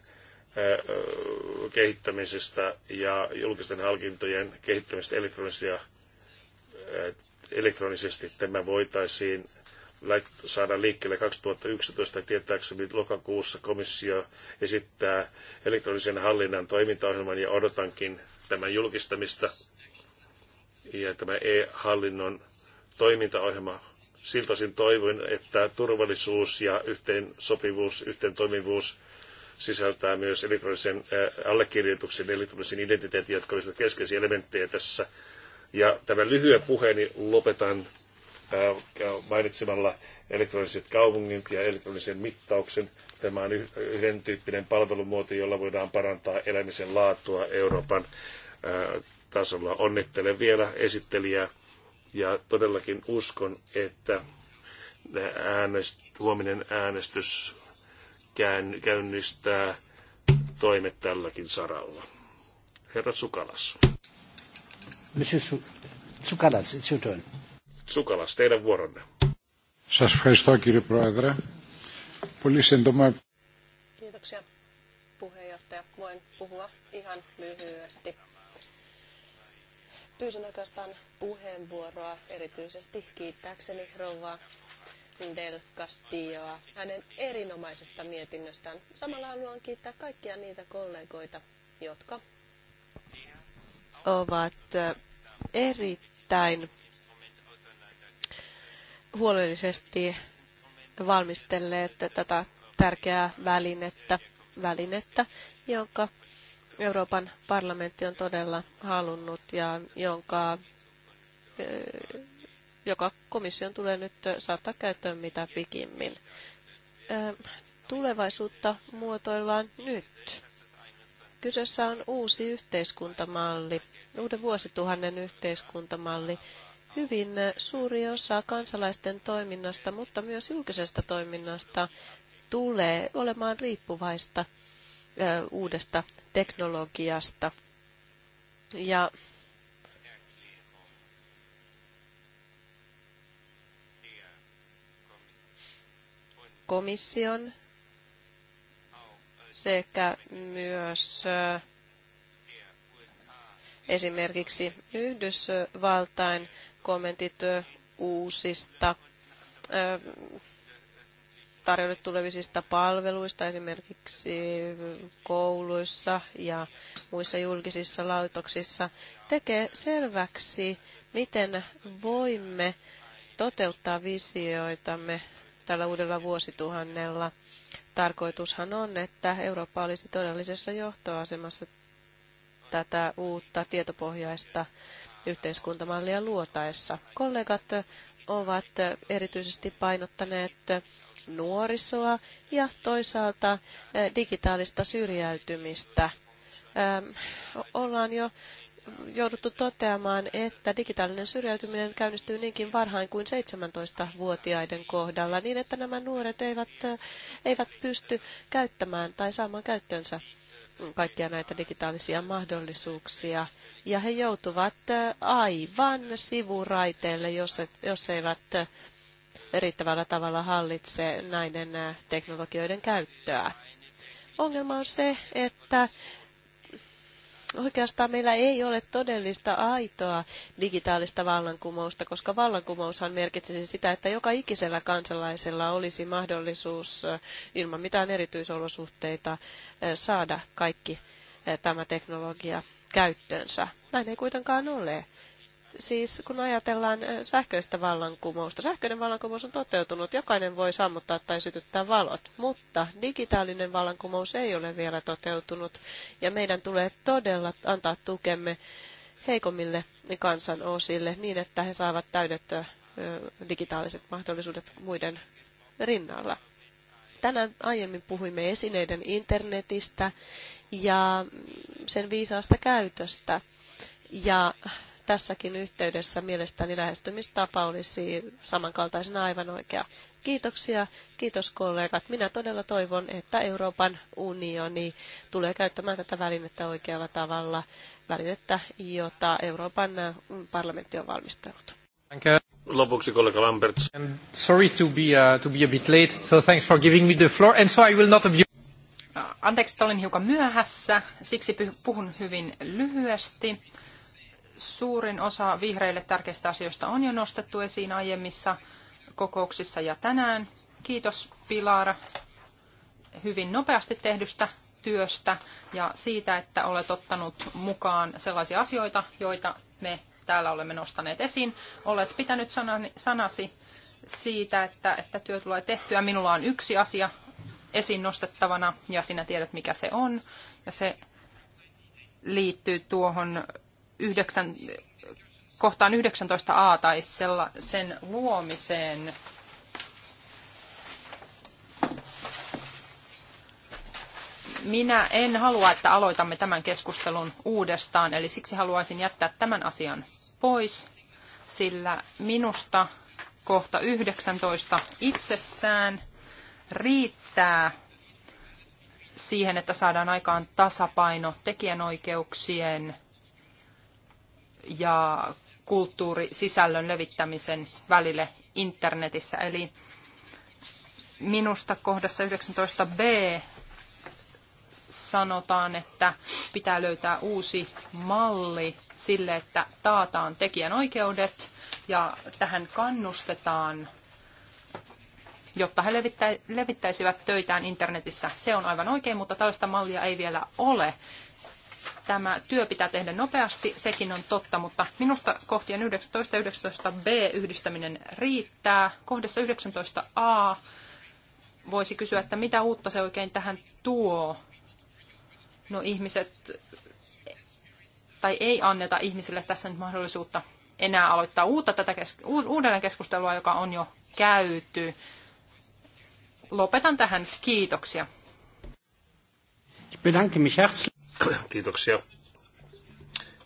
Speaker 2: kehittämisestä ja julkisten hankintojen kehittämistä elektronisia, elektronisesti. Tämä voitaisiin saada liikkeelle 2011. Tietääkseni lokakuussa komissio esittää elektronisen hallinnan toimintaohjelman ja odotankin tämän julkistamista. Ja tämä e-hallinnon toimintaohjelma siltoisin toivon, että turvallisuus ja yhteen sopivuus, yhteen toimivuus sisältää myös elektronisen allekirjoituksen, elektronisen identiteetin, jotka olisivat keskeisiä elementtejä tässä. Ja tämän lyhyen puheeni lopetan mainitsemalla elektroniset kaupungit ja elektronisen mittauksen. Tämä on yhden tyyppinen palvelumuoto, jolla voidaan parantaa elämisen laatua Euroopan tasolla. Onnittelen vielä esittelijää ja todellakin uskon, että äänest, huominen äänestys käynnistää toimet tälläkin saralla. Herra Tsukalas.
Speaker 3: Monsieur Tsukalas, it's your turn.
Speaker 2: Tsukalas, teidän vuoronne. Σας ευχαριστώ κύριε Πρόεδρε. Πολύ σύντομα.
Speaker 3: Kiitoksia puheenjohtaja. Voin puhua ihan lyhyesti pyysin oikeastaan puheenvuoroa erityisesti kiittääkseni rouva Del Castilloa hänen erinomaisesta mietinnöstään. Samalla haluan kiittää kaikkia niitä kollegoita, jotka ovat erittäin huolellisesti valmistelleet tätä tärkeää välinettä, välinettä jonka Euroopan parlamentti on todella halunnut ja jonka, joka komission tulee nyt saattaa käyttöön mitä pikimmin. Tulevaisuutta muotoillaan nyt. Kyseessä on uusi yhteiskuntamalli, uuden vuosituhannen yhteiskuntamalli. Hyvin suuri osa kansalaisten toiminnasta, mutta myös julkisesta toiminnasta tulee olemaan riippuvaista uudesta teknologiasta. Ja komission sekä myös esimerkiksi Yhdysvaltain kommentit uusista tarjolle tulevisista palveluista esimerkiksi kouluissa ja muissa julkisissa laitoksissa tekee selväksi, miten voimme toteuttaa visioitamme tällä uudella vuosituhannella. Tarkoitushan on, että Eurooppa olisi todellisessa johtoasemassa tätä uutta tietopohjaista yhteiskuntamallia luotaessa. Kollegat ovat erityisesti painottaneet nuorisoa ja toisaalta digitaalista syrjäytymistä. Ollaan jo jouduttu toteamaan, että digitaalinen syrjäytyminen käynnistyy niinkin varhain kuin 17-vuotiaiden kohdalla, niin että nämä nuoret eivät, eivät pysty käyttämään tai saamaan käyttöönsä kaikkia näitä digitaalisia mahdollisuuksia. Ja he joutuvat aivan sivuraiteille, jos, jos eivät riittävällä tavalla hallitse näiden teknologioiden käyttöä. Ongelma on se, että oikeastaan meillä ei ole todellista aitoa digitaalista vallankumousta, koska vallankumoushan merkitsisi sitä, että joka ikisellä kansalaisella olisi mahdollisuus ilman mitään erityisolosuhteita saada kaikki tämä teknologia käyttöönsä. Näin ei kuitenkaan ole siis kun ajatellaan sähköistä vallankumousta, sähköinen vallankumous on toteutunut, jokainen voi sammuttaa tai sytyttää valot, mutta digitaalinen vallankumous ei ole vielä toteutunut ja meidän tulee todella antaa tukemme heikommille kansanosille niin, että he saavat täydettyä digitaaliset mahdollisuudet muiden rinnalla. Tänään aiemmin puhuimme esineiden internetistä ja sen viisaasta käytöstä. Ja tässäkin yhteydessä mielestäni lähestymistapa olisi samankaltaisena aivan oikea. Kiitoksia, kiitos kollegat. Minä todella toivon, että Euroopan unioni tulee käyttämään tätä välinettä oikealla tavalla, välinettä, jota Euroopan parlamentti on valmistellut.
Speaker 2: Lopuksi kollega Lamberts. And sorry to be, uh, to be a bit late, so thanks for giving me the floor, and so I will not abuse...
Speaker 1: Anteeksi, että olin hiukan myöhässä, siksi puhun hyvin lyhyesti. Suurin osa vihreille tärkeistä asioista on jo nostettu esiin aiemmissa kokouksissa ja tänään. Kiitos Pilar hyvin nopeasti tehdystä työstä ja siitä, että olet ottanut mukaan sellaisia asioita, joita me täällä olemme nostaneet esiin. Olet pitänyt sanasi siitä, että, että työ tulee tehtyä. Minulla on yksi asia esiin nostettavana ja sinä tiedät, mikä se on. Ja se liittyy tuohon 9, kohtaan 19a tai sen luomiseen. Minä en halua, että aloitamme tämän keskustelun uudestaan, eli siksi haluaisin jättää tämän asian pois, sillä minusta kohta 19 itsessään riittää siihen, että saadaan aikaan tasapaino tekijänoikeuksien ja kulttuurisisällön levittämisen välille internetissä. Eli minusta kohdassa 19b sanotaan, että pitää löytää uusi malli sille, että taataan tekijänoikeudet ja tähän kannustetaan, jotta he levittäisivät töitään internetissä. Se on aivan oikein, mutta tällaista mallia ei vielä ole. Tämä työ pitää tehdä nopeasti, sekin on totta, mutta minusta kohtien 19 ja 19b yhdistäminen riittää. Kohdassa 19a voisi kysyä, että mitä uutta se oikein tähän tuo. No ihmiset, tai ei anneta ihmisille tässä nyt mahdollisuutta enää aloittaa uutta tätä kes- uudelleen keskustelua, joka on jo käyty. Lopetan tähän. Kiitoksia.
Speaker 2: Ich bedanke mich herzlich. Kiitoksia.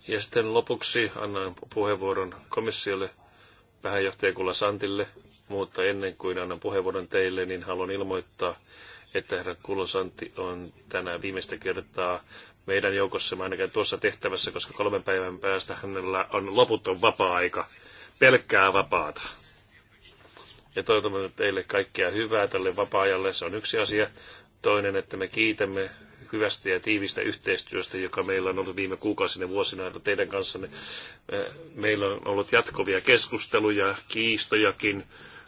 Speaker 2: Ja sitten lopuksi annan puheenvuoron komissiolle pääjohtaja Kula Santille, mutta ennen kuin annan puheenvuoron teille, niin haluan ilmoittaa, että herra Kulosanti on tänään viimeistä kertaa meidän joukossamme ainakin tuossa tehtävässä, koska kolmen päivän päästä hänellä on loputon vapaa-aika, pelkkää vapaata. Ja toivotamme teille kaikkea hyvää tälle vapaa-ajalle, se on yksi asia. Toinen, että me kiitämme hyvästä ja tiivistä yhteistyöstä, joka meillä on ollut viime kuukausina ja vuosina että teidän kanssanne. Eh, meillä on ollut jatkuvia keskusteluja, kiistojakin,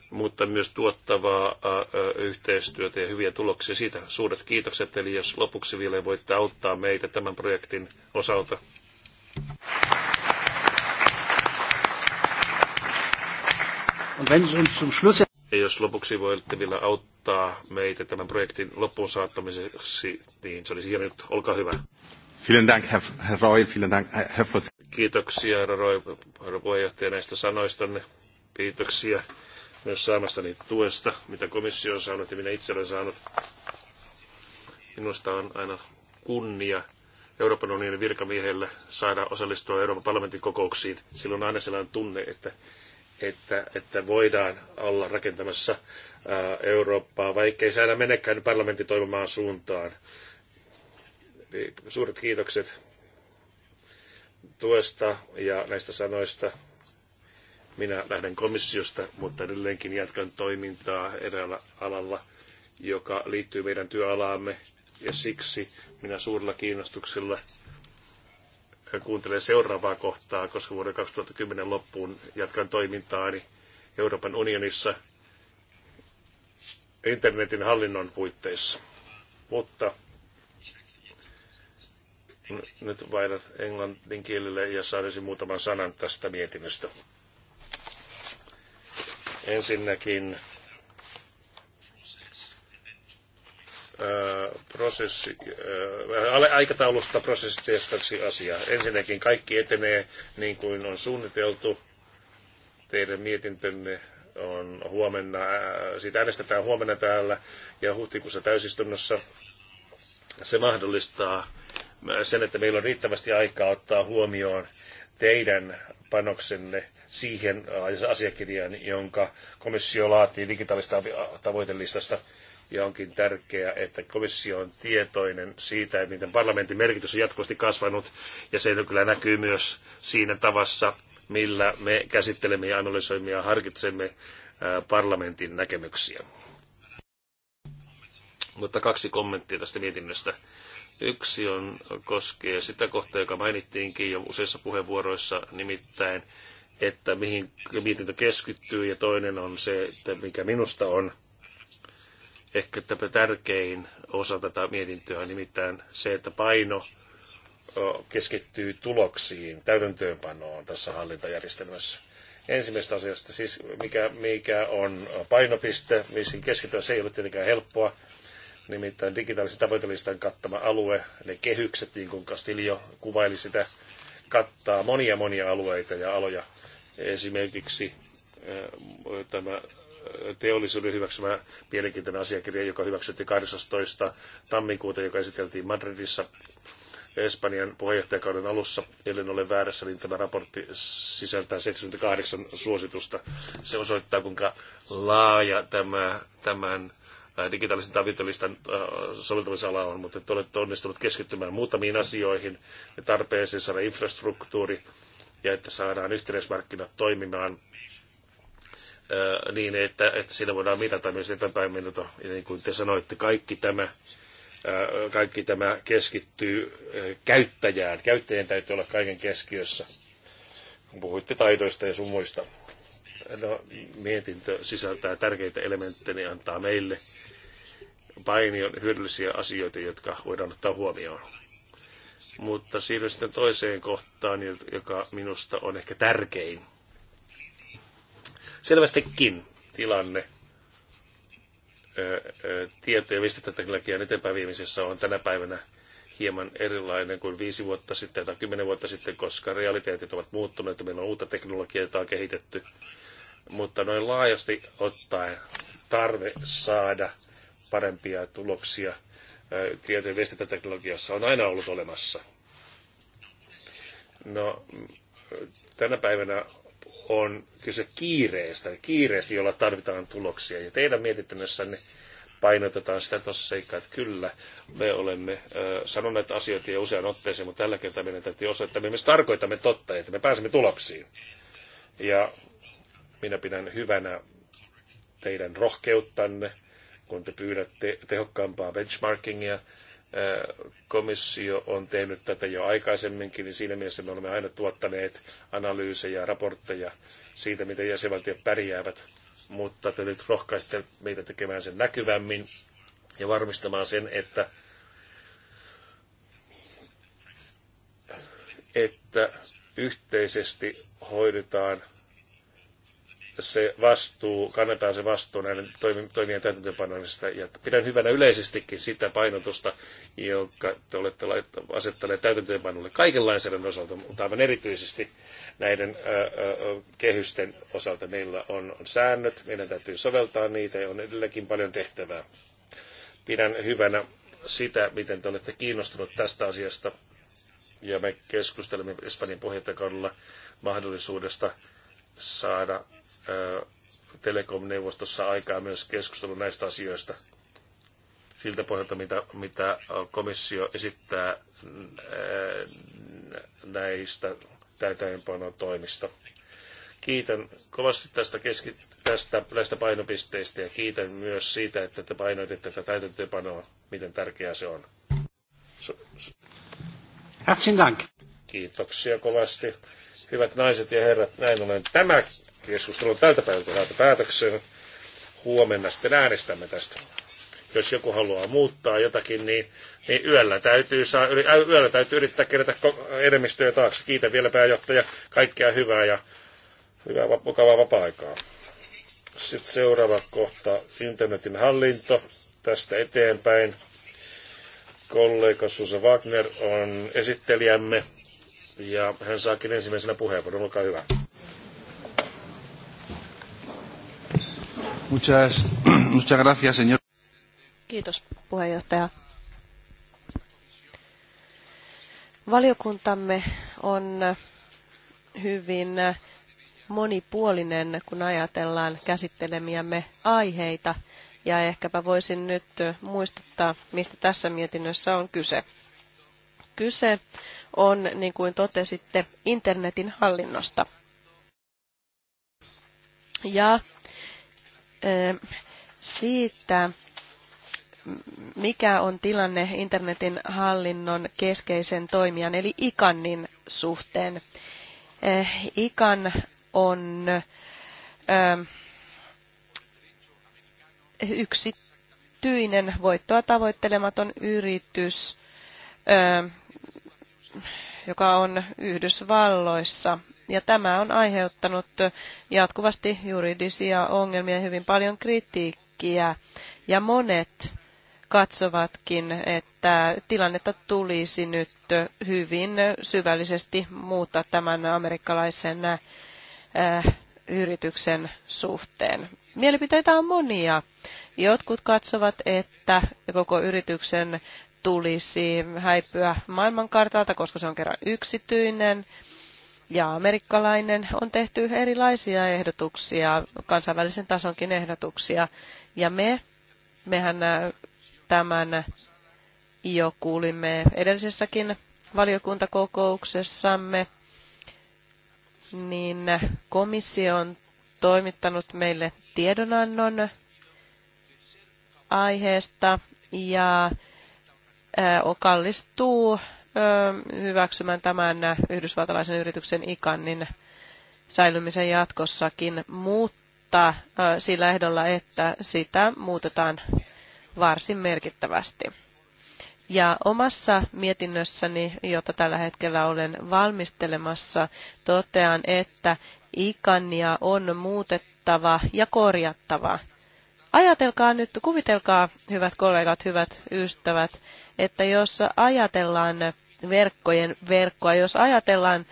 Speaker 2: mutta myös tuottavaa eh, eh, yhteistyötä ja hyviä tuloksia. Siitä suuret kiitokset, eli jos lopuksi vielä voitte auttaa meitä tämän projektin osalta. Und wenn es uns zum Schluss ja jos lopuksi voitte vielä auttaa meitä tämän projektin loppuun saattamiseksi, niin se olisi hieno juttu. Olkaa hyvä. Vielen Dank, Herr Roy. Vielen Dank, Herr Kiitoksia, Herra Roy, herra puheenjohtaja, näistä sanoistanne. Kiitoksia myös saamastani tuesta, mitä komissio on saanut ja minä itse olen saanut. Minusta on aina kunnia Euroopan unionin virkamiehelle saada osallistua Euroopan parlamentin kokouksiin. Silloin on aina sellainen tunne, että että, että voidaan olla rakentamassa Eurooppaa, vaikkei se aina menekään parlamentin toivomaan suuntaan. Suuret kiitokset tuesta ja näistä sanoista. Minä lähden komissiosta, mutta edelleenkin jatkan toimintaa eräällä alalla, joka liittyy meidän työalaamme, ja siksi minä suurella kiinnostuksella kuuntelen seuraavaa kohtaa, koska vuoden 2010 loppuun jatkan toimintaani Euroopan unionissa internetin hallinnon puitteissa. Mutta nyt vaihdan englannin kielelle ja saadaisin muutaman sanan tästä mietinnöstä. Ensinnäkin prosessi, äh, aikataulusta prosessista ja kaksi asiaa. Ensinnäkin kaikki etenee niin kuin on suunniteltu. Teidän mietintönne on huomenna, äh, siitä äänestetään huomenna täällä ja huhtikuussa täysistunnossa. Se mahdollistaa sen, että meillä on riittävästi aikaa ottaa huomioon teidän panoksenne siihen asiakirjaan, jonka komissio laatii digitaalista tavoitelistasta ja onkin tärkeää, että komissio on tietoinen siitä, että miten parlamentin merkitys on jatkuvasti kasvanut, ja se kyllä näkyy myös siinä tavassa, millä me käsittelemme ja analysoimme ja harkitsemme parlamentin näkemyksiä. Mutta kaksi kommenttia tästä mietinnöstä. Yksi on, koskee sitä kohtaa, joka mainittiinkin jo useissa puheenvuoroissa, nimittäin, että mihin mietintö keskittyy, ja toinen on se, että mikä minusta on ehkä tämä tärkein osa tätä mietintöä on nimittäin se, että paino keskittyy tuloksiin, täytäntöönpanoon tässä hallintajärjestelmässä. Ensimmäistä asiasta siis, mikä, mikä on painopiste, missä keskittyä, se ei ole tietenkään helppoa. Nimittäin digitaalisen tavoitelistan kattama alue, ne kehykset, niin kuin Castillo kuvaili sitä, kattaa monia monia alueita ja aloja. Esimerkiksi tämä teollisuuden hyväksymä mielenkiintoinen asiakirja, joka hyväksyttiin 18. tammikuuta, joka esiteltiin Madridissa Espanjan puheenjohtajakauden alussa, ellen ole väärässä, niin tämä raportti sisältää 78 suositusta. Se osoittaa, kuinka laaja tämä, tämän äh, digitaalisen avioliiton äh, soveltamisala on, mutta te olette onnistunut keskittymään muutamiin asioihin tarpeeseen saada infrastruktuuri ja että saadaan yhteismarkkinat toimimaan niin, että, että siinä voidaan mitata myös minuto. Ja niin kuin te sanoitte, kaikki tämä, kaikki tämä keskittyy käyttäjään. Käyttäjän täytyy olla kaiken keskiössä, kun puhuitte taidoista ja sumuista. No, mietintö sisältää tärkeitä elementtejä, niin antaa meille painion hyödyllisiä asioita, jotka voidaan ottaa huomioon. Mutta siirryn sitten toiseen kohtaan, joka minusta on ehkä tärkein selvästikin tilanne tieto- ja viestintäteknologian eteenpäin viimeisessä on tänä päivänä hieman erilainen kuin viisi vuotta sitten tai kymmenen vuotta sitten, koska realiteetit ovat muuttuneet ja meillä on uutta teknologiaa, jota on kehitetty. Mutta noin laajasti ottaen tarve saada parempia tuloksia tieto- ja viestintäteknologiassa on aina ollut olemassa. No, tänä päivänä on kyse kiireestä, kiireestä, jolla tarvitaan tuloksia. Ja teidän mietinnössänne painotetaan sitä tuossa seikkaa, että kyllä, me olemme ö, sanoneet asioita jo usean otteeseen, mutta tällä kertaa meidän täytyy osoittaa, että me myös tarkoitamme totta, että me pääsemme tuloksiin. Ja minä pidän hyvänä teidän rohkeuttanne, kun te pyydätte tehokkaampaa benchmarkingia, komissio on tehnyt tätä jo aikaisemminkin, niin siinä mielessä me olemme aina tuottaneet analyysejä ja raportteja siitä, miten jäsenvaltiot pärjäävät. Mutta te nyt rohkaisitte meitä tekemään sen näkyvämmin ja varmistamaan sen, että, että yhteisesti hoidetaan se vastuu, kannetaan se vastuu näiden toimien täytäntöönpanomisesta. Ja pidän hyvänä yleisestikin sitä painotusta, jonka te olette asettaneet täytäntöönpanolle kaiken lainsäädännön osalta, mutta aivan erityisesti näiden kehysten osalta meillä on, säännöt, meidän täytyy soveltaa niitä ja on edelleenkin paljon tehtävää. Pidän hyvänä sitä, miten te olette kiinnostunut tästä asiasta ja me keskustelemme Espanjan puheenjohtajakaudella mahdollisuudesta saada Telekom-neuvostossa aikaa myös keskustelu näistä asioista siltä pohjalta, mitä, mitä komissio esittää näistä täytäntöönpanon toimista. Kiitän kovasti tästä, keski, tästä näistä painopisteistä ja kiitän myös siitä, että te painoititte tätä täytäntöönpanoa, miten tärkeää se on. Dank. Kiitoksia kovasti. Hyvät naiset ja herrat, näin olen tämä on tältä päivältä saatu päätöksen. Huomenna sitten äänestämme tästä. Jos joku haluaa muuttaa jotakin, niin, niin yöllä, täytyy saa, äh, yöllä täytyy yrittää kerätä enemmistöä taakse. Kiitän vielä pääjohtaja. Kaikkea hyvää ja hyvää mukavaa vapaa-aikaa. Sitten seuraava kohta, internetin hallinto. Tästä eteenpäin kollega Susa Wagner on esittelijämme ja hän saakin ensimmäisenä puheenvuoron. Olkaa hyvä. Muchas, muchas gracias, señor.
Speaker 3: Kiitos, puheenjohtaja. Valiokuntamme on hyvin monipuolinen, kun ajatellaan käsittelemiämme aiheita. Ja ehkäpä voisin nyt muistuttaa, mistä tässä mietinnössä on kyse. Kyse on, niin kuin totesitte, internetin hallinnosta. Ja siitä, mikä on tilanne internetin hallinnon keskeisen toimijan eli ICANNin suhteen. ICAN on yksityinen voittoa tavoittelematon yritys, joka on Yhdysvalloissa ja tämä on aiheuttanut jatkuvasti juridisia ongelmia hyvin paljon kritiikkiä. Ja monet katsovatkin, että tilannetta tulisi nyt hyvin syvällisesti muuttaa tämän amerikkalaisen äh, yrityksen suhteen. Mielipiteitä on monia. Jotkut katsovat, että koko yrityksen tulisi häipyä maailmankartalta, koska se on kerran yksityinen ja amerikkalainen on tehty erilaisia ehdotuksia, kansainvälisen tasonkin ehdotuksia. Ja me, mehän äh, tämän jo kuulimme edellisessäkin valiokuntakokouksessamme, niin komissio on toimittanut meille tiedonannon aiheesta ja äh, kallistuu hyväksymään tämän yhdysvaltalaisen yrityksen ikannin säilymisen jatkossakin, mutta sillä ehdolla, että sitä muutetaan varsin merkittävästi. Ja omassa mietinnössäni, jota tällä hetkellä olen valmistelemassa, totean, että ikania on muutettava ja korjattava. Ajatelkaa nyt, kuvitelkaa, hyvät kollegat, hyvät ystävät, että jos ajatellaan verkkojen verkkoa. Jos ajatellaan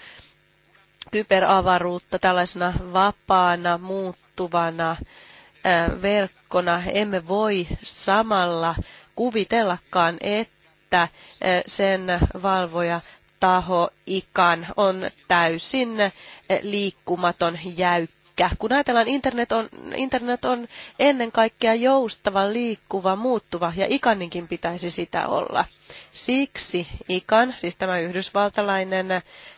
Speaker 3: kyberavaruutta tällaisena vapaana, muuttuvana verkkona, emme voi samalla kuvitellakaan, että sen valvoja taho ikan on täysin liikkumaton jäykkä pitkä. kun ajatellaan, internet on, internet on ennen kaikkea joustava, liikkuva, muuttuva, ja ikaninkin pitäisi sitä olla. Siksi ikan, siis tämä yhdysvaltalainen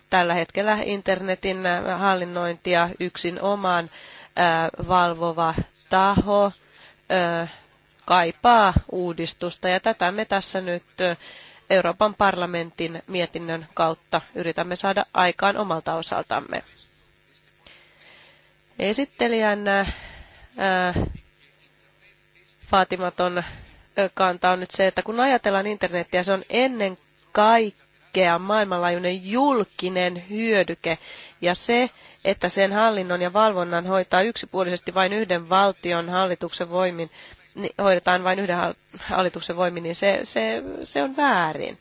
Speaker 3: tällä hetkellä internetin äh, hallinnointia yksin omaan äh, valvova taho, äh, kaipaa uudistusta, ja tätä me tässä nyt Euroopan parlamentin mietinnön kautta yritämme saada aikaan omalta osaltamme. Esittelijän ää, äh, äh, vaatimaton äh, kanta on nyt se, että kun ajatellaan internettiä, se on ennen kaikkea maailmanlaajuinen julkinen hyödyke. Ja se, että sen hallinnon ja valvonnan hoitaa yksipuolisesti vain yhden valtion hallituksen voimin, niin hoidetaan vain yhden hallituksen voimin, niin se, se, se on väärin.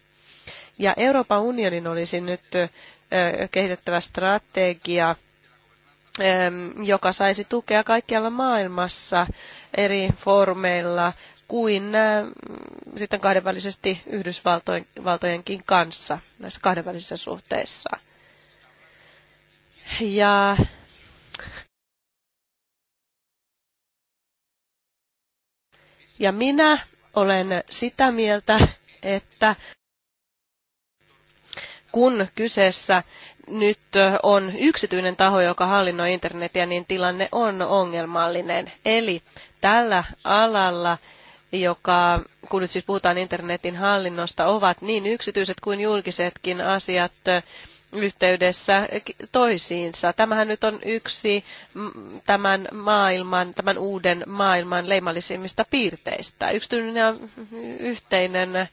Speaker 3: Ja Euroopan unionin olisi nyt kehitettävä strategia – joka saisi tukea kaikkialla maailmassa eri foorumeilla kuin sitten kahdenvälisesti Yhdysvaltojenkin kanssa näissä kahdenvälisissä suhteissa. Ja Ja minä olen sitä mieltä, että kun kyseessä nyt on yksityinen taho, joka hallinnoi internetiä, niin tilanne on ongelmallinen. Eli tällä alalla, joka, kun nyt siis puhutaan internetin hallinnosta, ovat niin yksityiset kuin julkisetkin asiat yhteydessä toisiinsa. Tämähän nyt on yksi tämän maailman, tämän uuden maailman leimallisimmista piirteistä. Yksityinen ja yhteinen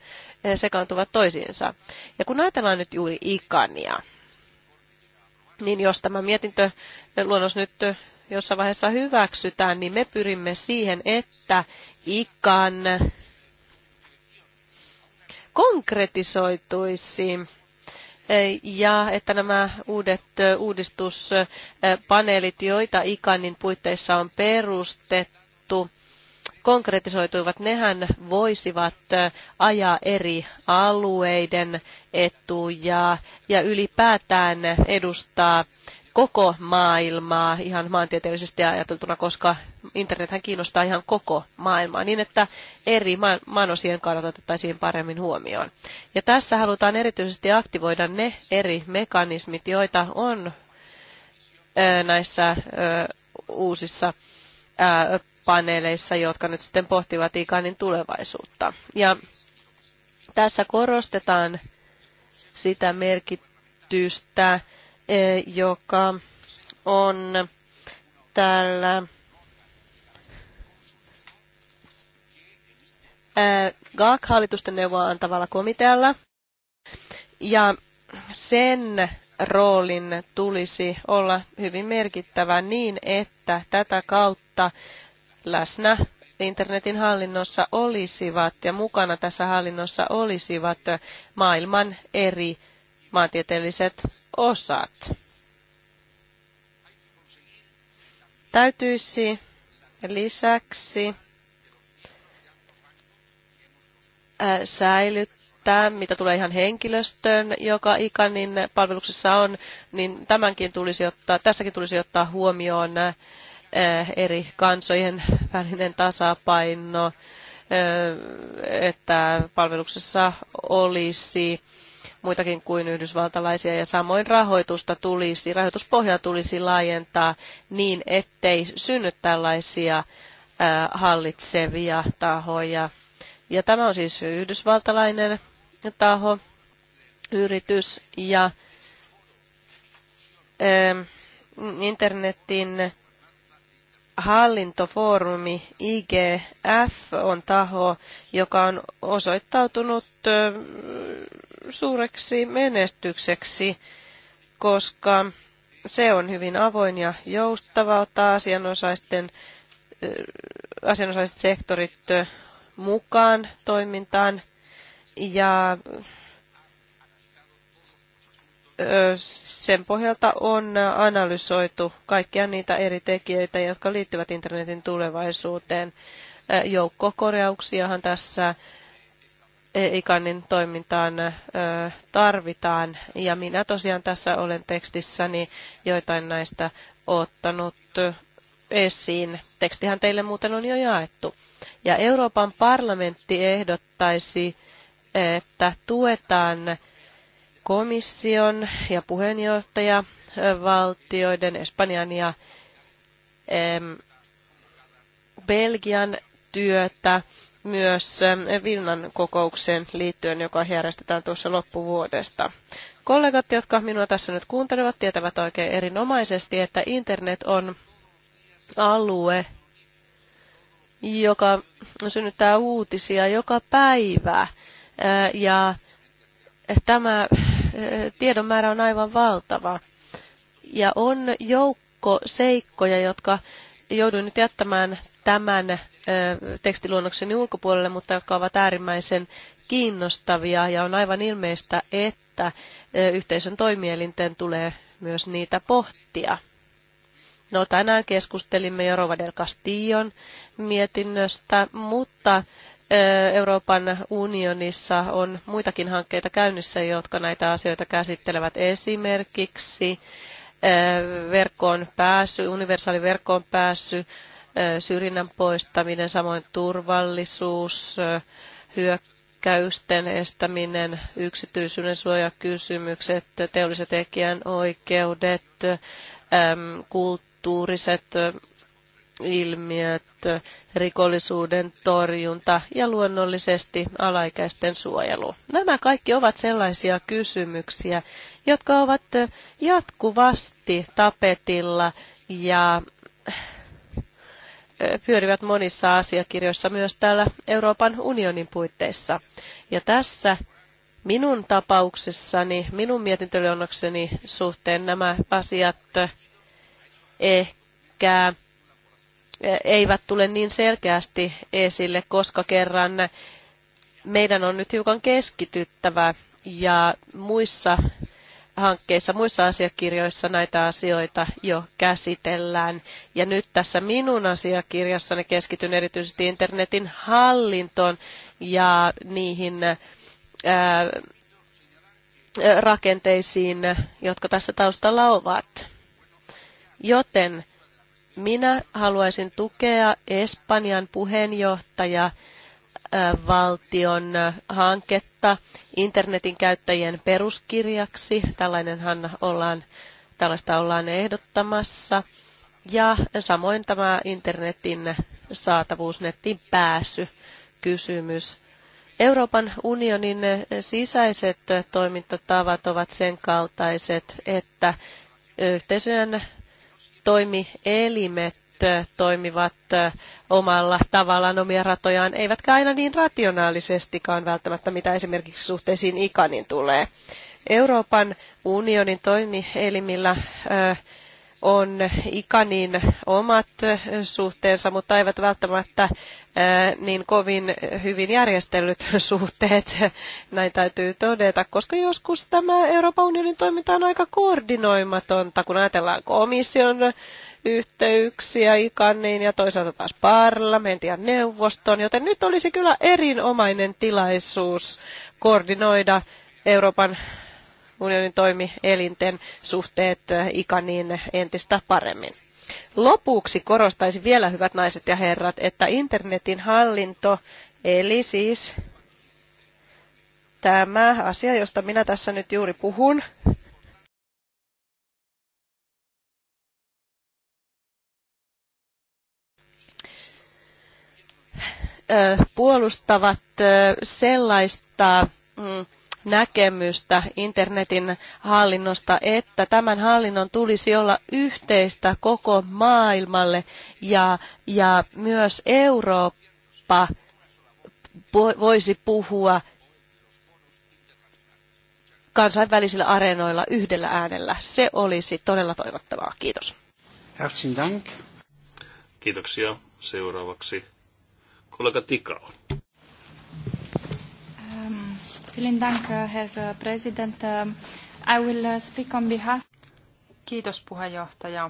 Speaker 3: sekaantuvat toisiinsa. Ja kun ajatellaan nyt juuri ikania, niin jos tämä mietintö luonnos nyt jossain vaiheessa hyväksytään, niin me pyrimme siihen, että ikan konkretisoituisi e, ja että nämä uudet e, uudistuspaneelit, joita ikanin puitteissa on perustettu, konkretisoituivat, nehän voisivat ajaa eri alueiden etuja ja ylipäätään edustaa koko maailmaa ihan maantieteellisesti ajateltuna, koska internethän kiinnostaa ihan koko maailmaa, niin että eri maan, maanosien kannat otettaisiin paremmin huomioon. Ja tässä halutaan erityisesti aktivoida ne eri mekanismit, joita on näissä uusissa paneeleissa, jotka nyt sitten pohtivat Ikanin tulevaisuutta. Ja tässä korostetaan sitä merkitystä, eh, joka on tällä eh, GAK-hallitusten neuvoa antavalla komitealla. Ja sen roolin tulisi olla hyvin merkittävä niin, että tätä kautta läsnä internetin hallinnossa olisivat ja mukana tässä hallinnossa olisivat maailman eri maantieteelliset osat. Täytyisi lisäksi säilyttää, mitä tulee ihan henkilöstöön, joka ikanin palveluksessa on, niin tämänkin tulisi ottaa, tässäkin tulisi ottaa huomioon Äh, eri kansojen välinen tasapaino, äh, että palveluksessa olisi muitakin kuin yhdysvaltalaisia ja samoin rahoitusta tulisi, rahoituspohjaa tulisi laajentaa niin, ettei synny tällaisia äh, hallitsevia tahoja. Ja tämä on siis yhdysvaltalainen taho, yritys ja ähm, internetin hallintofoorumi IGF on taho, joka on osoittautunut suureksi menestykseksi, koska se on hyvin avoin ja joustava, ottaa asianosaisten, asianosaiset sektorit mukaan toimintaan ja sen pohjalta on analysoitu kaikkia niitä eri tekijöitä, jotka liittyvät internetin tulevaisuuteen. Joukkokorjauksiahan tässä ikannin toimintaan tarvitaan. Ja minä tosiaan tässä olen tekstissäni joitain näistä ottanut esiin. Tekstihän teille muuten on jo jaettu. Ja Euroopan parlamentti ehdottaisi, että tuetaan komission ja puheenjohtaja valtioiden Espanjan ja Belgian työtä myös Vilnan kokoukseen liittyen, joka järjestetään tuossa loppuvuodesta. Kollegat, jotka minua tässä nyt kuuntelevat, tietävät oikein erinomaisesti, että internet on alue, joka synnyttää uutisia joka päivä. Ja tämä tiedon määrä on aivan valtava. Ja on joukko seikkoja, jotka joudun nyt jättämään tämän tekstiluonnokseni ulkopuolelle, mutta jotka ovat äärimmäisen kiinnostavia ja on aivan ilmeistä, että yhteisön toimielinten tulee myös niitä pohtia. No tänään keskustelimme jo Rova del Castillon mietinnöstä, mutta Euroopan unionissa on muitakin hankkeita käynnissä, jotka näitä asioita käsittelevät. Esimerkiksi verkkoon pääsy, universaali verkkoon pääsy, syrjinnän poistaminen, samoin turvallisuus, hyökkäysten estäminen, yksityisyyden suojakysymykset, teolliset tekijän oikeudet, kulttuuriset ilmiöt, rikollisuuden torjunta ja luonnollisesti alaikäisten suojelu. Nämä kaikki ovat sellaisia kysymyksiä, jotka ovat jatkuvasti tapetilla ja pyörivät monissa asiakirjoissa myös täällä Euroopan unionin puitteissa. Ja tässä minun tapauksessani, minun mietintöluonnokseni suhteen nämä asiat ehkä E, eivät tule niin selkeästi esille, koska kerran meidän on nyt hiukan keskityttävä ja muissa hankkeissa, muissa asiakirjoissa näitä asioita jo käsitellään. Ja nyt tässä minun asiakirjassani keskityn erityisesti internetin hallintoon ja niihin ää, rakenteisiin, jotka tässä taustalla ovat. Joten minä haluaisin tukea Espanjan puheenjohtaja äh, valtion äh, hanketta internetin käyttäjien peruskirjaksi. Tällainenhan ollaan, tällaista ollaan ehdottamassa. Ja samoin tämä internetin saatavuus, nettiin pääsy kysymys. Euroopan unionin sisäiset toimintatavat ovat sen kaltaiset, että yhteisöjen toimielimet toimivat omalla tavallaan omia ratojaan, eivätkä aina niin rationaalisestikaan välttämättä, mitä esimerkiksi suhteisiin ikanin tulee. Euroopan unionin toimielimillä on ikanin omat suhteensa, mutta eivät välttämättä niin kovin hyvin järjestellyt suhteet. Näin täytyy todeta, koska joskus tämä Euroopan unionin toiminta on aika koordinoimatonta, kun ajatellaan komission yhteyksiä ikanniin ja toisaalta taas parlamentin ja neuvoston, joten nyt olisi kyllä erinomainen tilaisuus koordinoida Euroopan unionin toimielinten suhteet ikaniin entistä paremmin. Lopuksi korostaisin vielä, hyvät naiset ja herrat, että internetin hallinto, eli siis tämä asia, josta minä tässä nyt juuri puhun, puolustavat sellaista mm, näkemystä internetin hallinnosta, että tämän hallinnon tulisi olla yhteistä koko maailmalle ja, ja myös Eurooppa voisi puhua kansainvälisillä areenoilla yhdellä äänellä. Se olisi todella toivottavaa. Kiitos.
Speaker 2: Dank. Kiitoksia. Seuraavaksi kollega Tikao.
Speaker 1: Vielen Dank, äh, Herr äh, ähm, I will äh, speak on behalf... Kiitos puheenjohtaja.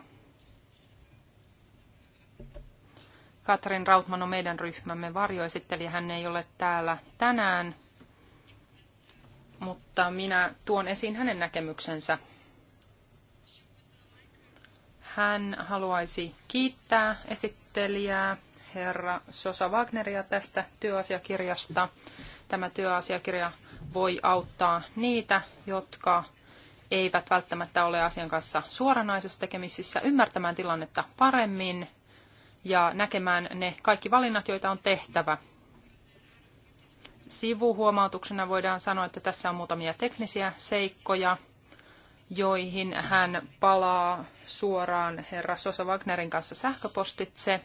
Speaker 1: Katrin Rautman on meidän ryhmämme varjoesittelijä. Hän ei ole täällä tänään, mutta minä tuon esiin hänen näkemyksensä. Hän haluaisi kiittää esittelijää herra Sosa Wagneria tästä työasiakirjasta. Tämä työasiakirja voi auttaa niitä, jotka eivät välttämättä ole asian kanssa suoranaisessa tekemisissä, ymmärtämään tilannetta paremmin ja näkemään ne kaikki valinnat, joita on tehtävä. Sivuhuomautuksena voidaan sanoa, että tässä on muutamia teknisiä seikkoja, joihin hän palaa suoraan herra Sosa Wagnerin kanssa sähköpostitse.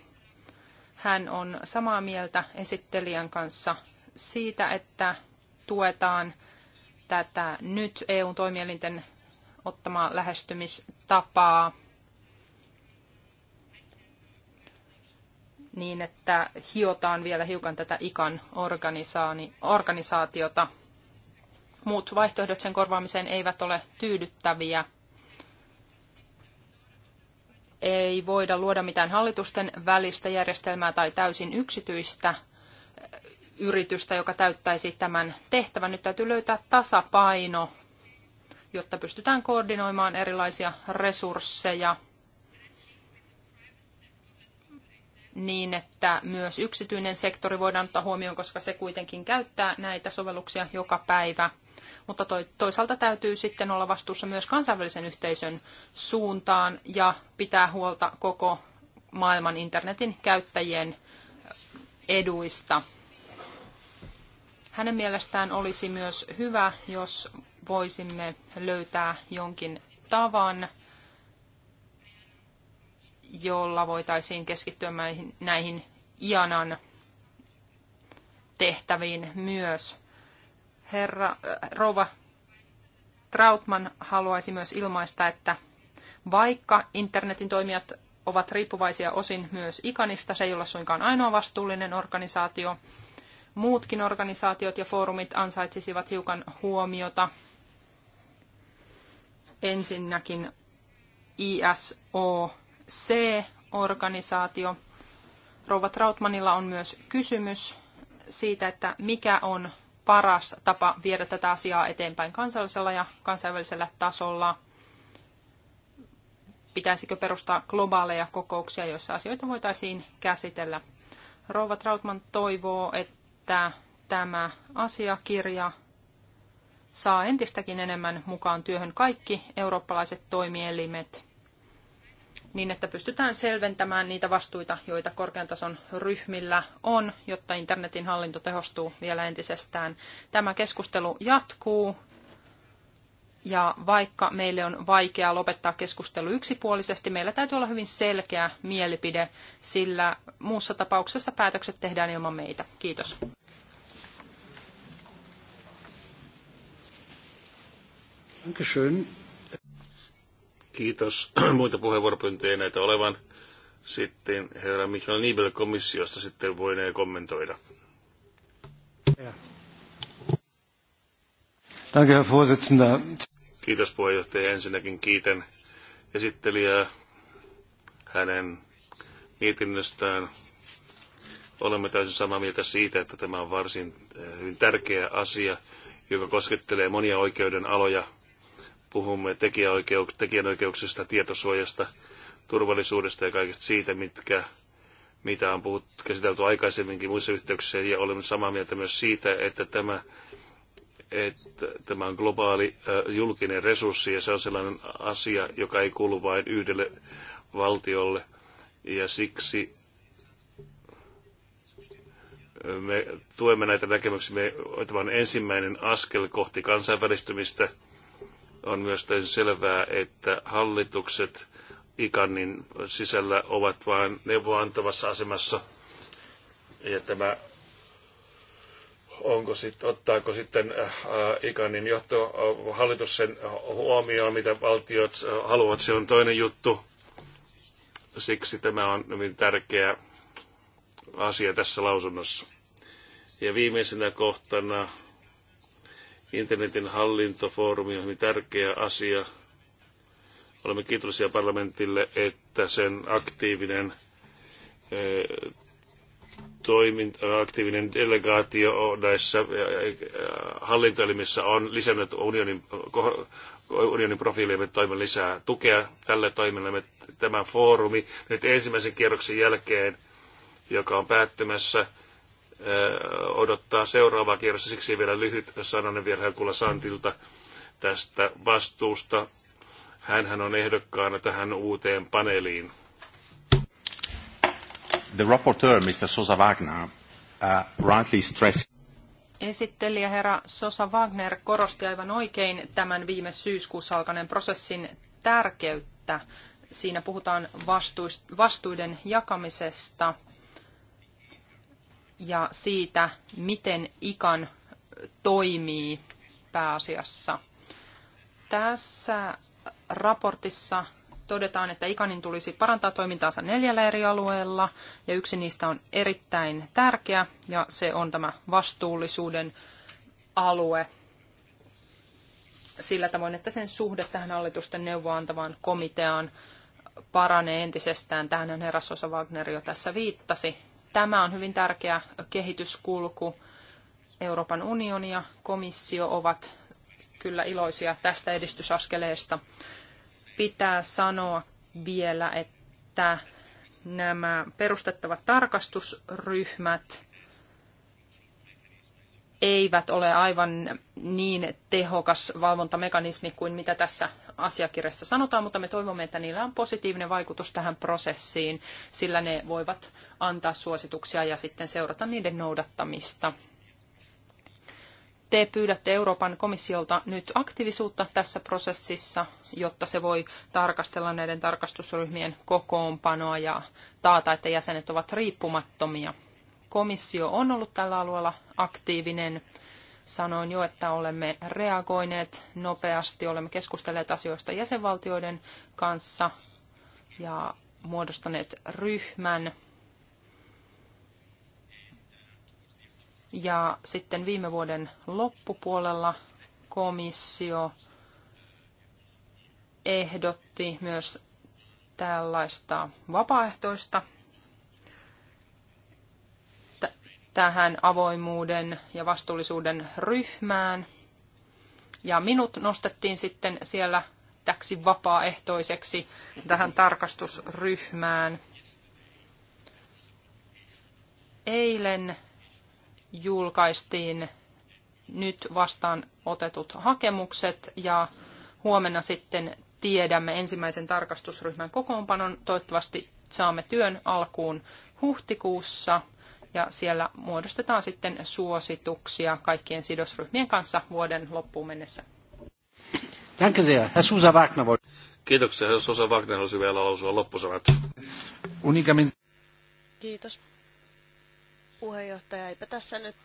Speaker 1: Hän on samaa mieltä esittelijän kanssa siitä, että tuetaan tätä nyt EUn toimielinten ottamaa lähestymistapaa niin, että hiotaan vielä hiukan tätä ikan organisaatiota. Muut vaihtoehdot sen korvaamiseen eivät ole tyydyttäviä. Ei voida luoda mitään hallitusten välistä järjestelmää tai täysin yksityistä yritystä, joka täyttäisi tämän tehtävän. Nyt täytyy löytää tasapaino, jotta pystytään koordinoimaan erilaisia resursseja niin, että myös yksityinen sektori voidaan ottaa huomioon, koska se kuitenkin käyttää näitä sovelluksia joka päivä. Mutta toisaalta täytyy sitten olla vastuussa myös kansainvälisen yhteisön suuntaan ja pitää huolta koko maailman internetin käyttäjien eduista. Hänen mielestään olisi myös hyvä, jos voisimme löytää jonkin tavan, jolla voitaisiin keskittyä näihin Ianan tehtäviin myös. Herra, äh, rouva Trautman haluaisi myös ilmaista, että vaikka internetin toimijat ovat riippuvaisia osin myös Ikanista, se ei ole suinkaan ainoa vastuullinen organisaatio, muutkin organisaatiot ja foorumit ansaitsisivat hiukan huomiota. Ensinnäkin ISOC-organisaatio. Rouva Trautmanilla on myös kysymys siitä, että mikä on paras tapa viedä tätä asiaa eteenpäin kansallisella ja kansainvälisellä tasolla. Pitäisikö perustaa globaaleja kokouksia, joissa asioita voitaisiin käsitellä? Rouva Trautman toivoo, että että tämä asiakirja saa entistäkin enemmän mukaan työhön kaikki eurooppalaiset toimielimet, niin että pystytään selventämään niitä vastuita, joita korkean tason ryhmillä on, jotta internetin hallinto tehostuu vielä entisestään. Tämä keskustelu jatkuu ja vaikka meille on vaikeaa lopettaa keskustelu yksipuolisesti, meillä täytyy olla hyvin selkeä mielipide, sillä muussa tapauksessa päätökset tehdään ilman meitä. Kiitos. Dankeschön.
Speaker 2: Kiitos. Muita puheenvuoropyyntöjä näitä olevan. Sitten herra Michael Niebel komissiosta sitten voinee kommentoida.
Speaker 1: Danke, Herr Vorsitzender.
Speaker 2: Kiitos puheenjohtaja. Ensinnäkin kiitän esittelijää hänen mietinnöstään. Olemme täysin samaa mieltä siitä, että tämä on varsin eh, hyvin tärkeä asia, joka koskettelee monia oikeudenaloja. aloja. Puhumme tekijäoikeuk- tekijänoikeuksista, tietosuojasta, turvallisuudesta ja kaikesta siitä, mitkä, mitä on puhut, käsitelty aikaisemminkin muissa yhteyksissä. Ja olemme samaa mieltä myös siitä, että tämä että tämä on globaali julkinen resurssi ja se on sellainen asia, joka ei kuulu vain yhdelle valtiolle. Ja siksi me tuemme näitä näkemyksiä. Me, tämä on ensimmäinen askel kohti kansainvälistymistä. On myös täysin selvää, että hallitukset ikannin sisällä ovat vain neuvoantavassa asemassa. Ja tämä onko sit, ottaako sitten äh, ikanin johto, äh, hallitus sen huomioon, mitä valtiot äh, haluavat, se on toinen juttu. Siksi tämä on hyvin tärkeä asia tässä lausunnossa. Ja viimeisenä kohtana internetin hallintofoorumi on hyvin tärkeä asia. Olemme kiitollisia parlamentille, että sen aktiivinen toiminta, aktiivinen delegaatio näissä hallintoelimissä on lisännyt unionin, unionin profiilia. Me toimme lisää tukea tälle toiminnalle. Tämä foorumi nyt ensimmäisen kierroksen jälkeen, joka on päättymässä, odottaa seuraavaa kierrosta. Siksi vielä lyhyt sananen vielä Herkula Santilta tästä vastuusta. Hänhän on ehdokkaana tähän uuteen paneeliin the rapporteur, Mr. Sosa Wagner, uh, rightly stressed.
Speaker 1: Esittelijä herra Sosa Wagner korosti aivan oikein tämän viime syyskuussa alkaneen prosessin tärkeyttä. Siinä puhutaan vastuiden jakamisesta ja siitä, miten ikan toimii pääasiassa. Tässä raportissa todetaan, että ikanin tulisi parantaa toimintaansa neljällä eri alueella, ja yksi niistä on erittäin tärkeä, ja se on tämä vastuullisuuden alue sillä tavoin, että sen suhde tähän hallitusten neuvoantavaan komiteaan paranee entisestään. Tähän herra Sosa Wagner jo tässä viittasi. Tämä on hyvin tärkeä kehityskulku. Euroopan unioni ja komissio ovat kyllä iloisia tästä edistysaskeleesta pitää sanoa vielä, että nämä perustettavat tarkastusryhmät eivät ole aivan niin tehokas valvontamekanismi kuin mitä tässä asiakirjassa sanotaan, mutta me toivomme, että niillä on positiivinen vaikutus tähän prosessiin, sillä ne voivat antaa suosituksia ja sitten seurata niiden noudattamista te pyydätte Euroopan komissiolta nyt aktiivisuutta tässä prosessissa, jotta se voi tarkastella näiden tarkastusryhmien kokoonpanoa ja taata, että jäsenet ovat riippumattomia. Komissio on ollut tällä alueella aktiivinen. Sanoin jo, että olemme reagoineet nopeasti, olemme keskustelleet asioista jäsenvaltioiden kanssa ja muodostaneet ryhmän, Ja sitten viime vuoden loppupuolella komissio ehdotti myös tällaista vapaaehtoista tähän avoimuuden ja vastuullisuuden ryhmään. Ja minut nostettiin sitten siellä täksi vapaaehtoiseksi tähän tarkastusryhmään. Eilen julkaistiin nyt vastaan otetut hakemukset ja huomenna sitten tiedämme ensimmäisen tarkastusryhmän kokoonpanon. Toivottavasti saamme työn alkuun huhtikuussa ja siellä muodostetaan sitten suosituksia kaikkien sidosryhmien kanssa vuoden loppuun mennessä.
Speaker 2: Danke Susa Wagner voi... Kiitoksia. Susa Wagner olisi vielä lausua loppusanat. Unikamin.
Speaker 1: Kiitos
Speaker 3: puheenjohtaja. Eipä tässä nyt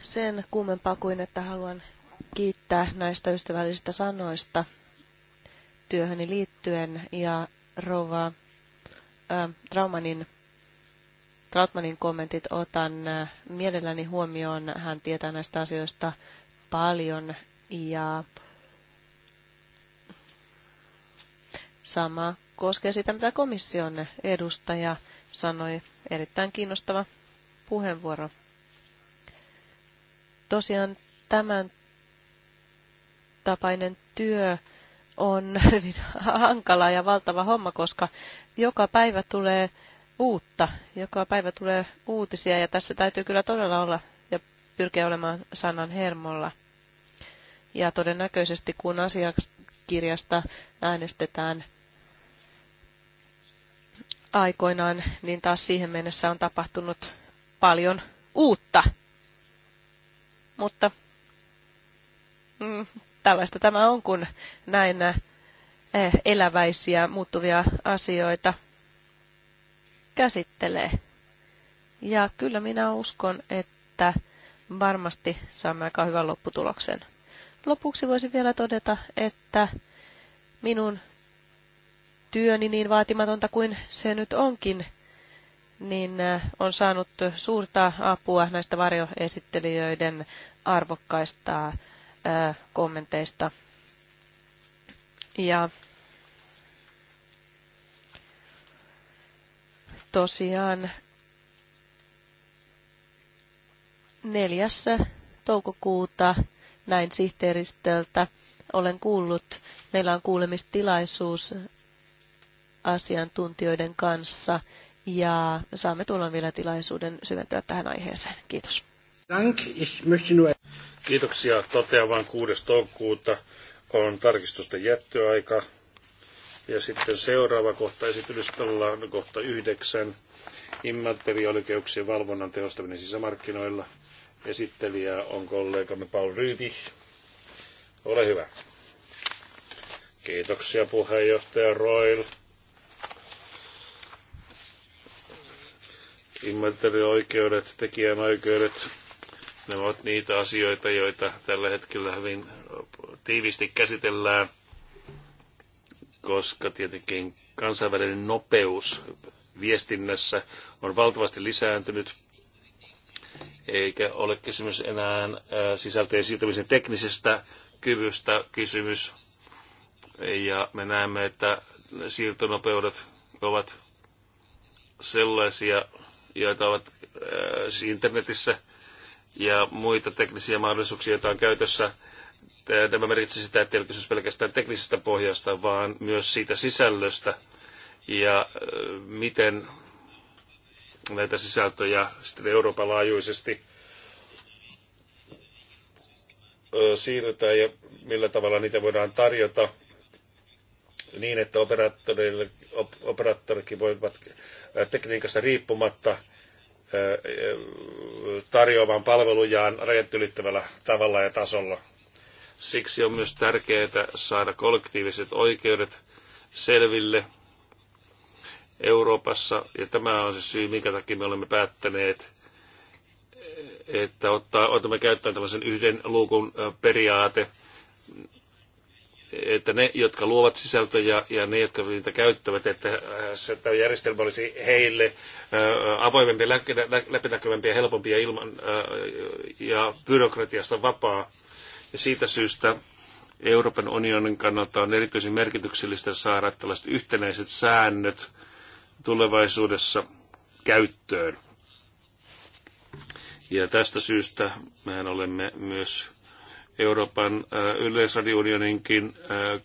Speaker 3: sen kummempaa kuin, että haluan kiittää näistä ystävällisistä sanoista työhöni liittyen ja rouva äh, Traumanin Trautmanin kommentit otan mielelläni huomioon. Hän tietää näistä asioista paljon ja sama koskee sitä, mitä komission edustaja sanoi Erittäin kiinnostava puheenvuoro. Tosiaan tämän tapainen työ on hyvin hankala ja valtava homma, koska joka päivä tulee uutta, joka päivä tulee uutisia ja tässä täytyy kyllä todella olla ja pyrkiä olemaan sanan hermolla. Ja todennäköisesti kun asiakirjasta äänestetään aikoinaan, niin taas siihen mennessä on tapahtunut paljon uutta. Mutta mm, tällaista tämä on, kun näin eh, eläväisiä muuttuvia asioita käsittelee. Ja kyllä minä uskon, että varmasti saamme aika hyvän lopputuloksen. Lopuksi voisin vielä todeta, että minun työni, niin vaatimatonta kuin se nyt onkin, niin äh, on saanut suurta apua näistä varjoesittelijöiden arvokkaista äh, kommenteista. Ja tosiaan neljässä toukokuuta näin sihteeristöltä olen kuullut. Meillä on kuulemistilaisuus asiantuntijoiden kanssa ja saamme tuolloin vielä tilaisuuden syventyä tähän aiheeseen. Kiitos.
Speaker 2: Kiitoksia. Totean vain 6. toukokuuta on tarkistusten jättöaika. Ja sitten seuraava kohta esitystä on kohta yhdeksän. Immateriaalioikeuksien valvonnan tehostaminen sisämarkkinoilla. Esittelijä on kollegamme Paul Ryypi. Ole hyvä. Kiitoksia puheenjohtaja Roil. immateriaalioikeudet, tekijänoikeudet, ne ovat niitä asioita, joita tällä hetkellä hyvin tiivisti käsitellään, koska tietenkin kansainvälinen nopeus viestinnässä on valtavasti lisääntynyt, eikä ole kysymys enää sisältöjen siirtämisen teknisestä kyvystä kysymys. Ja me näemme, että siirtonopeudet ovat sellaisia joita ovat äh, internetissä ja muita teknisiä mahdollisuuksia, joita on käytössä. Tämä merkitsee sitä, että ei ole kysymys pelkästään teknisestä pohjasta, vaan myös siitä sisällöstä ja äh, miten näitä sisältöjä sitten Euroopan laajuisesti äh, siirretään ja millä tavalla niitä voidaan tarjota – niin, että operaattorikin voivat tekniikasta riippumatta tarjoamaan palvelujaan rajat ylittävällä tavalla ja tasolla. Siksi on myös tärkeää saada kollektiiviset oikeudet selville Euroopassa, ja tämä on se syy, minkä takia me olemme päättäneet, että ottaa, otamme käyttöön tällaisen yhden luukun periaate, että ne, jotka luovat sisältöjä ja ne, jotka niitä käyttävät, että äh, se järjestelmä olisi heille äh, avoimempi, läpinäkyvämpi ja helpompi ja, ilman, äh, ja byrokratiasta vapaa. Ja siitä syystä Euroopan unionin kannalta on erityisen merkityksellistä saada tällaiset yhtenäiset säännöt tulevaisuudessa käyttöön. Ja tästä syystä mehän olemme myös Euroopan yleisradiounioninkin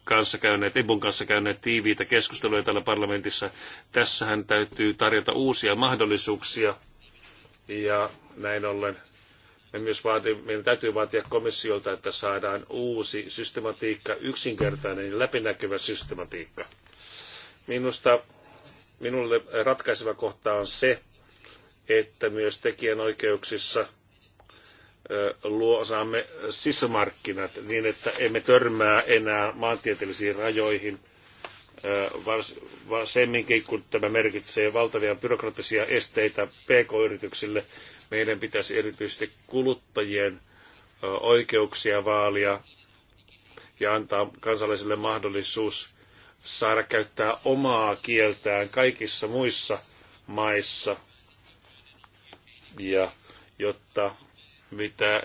Speaker 2: kanssa käyneet, EBUn kanssa käyneet tiiviitä keskusteluja täällä parlamentissa. Tässähän täytyy tarjota uusia mahdollisuuksia ja näin ollen me myös vaati, meidän täytyy vaatia komissiolta, että saadaan uusi systematiikka, yksinkertainen ja läpinäkyvä systematiikka. Minusta minulle ratkaiseva kohta on se, että myös tekijänoikeuksissa – luo saamme sisämarkkinat niin, että emme törmää enää maantieteellisiin rajoihin semminkin, kun tämä merkitsee valtavia byrokratisia esteitä pk-yrityksille. Meidän pitäisi erityisesti kuluttajien oikeuksia vaalia ja antaa kansalaisille mahdollisuus saada käyttää omaa kieltään kaikissa muissa maissa, ja jotta mitä, äh,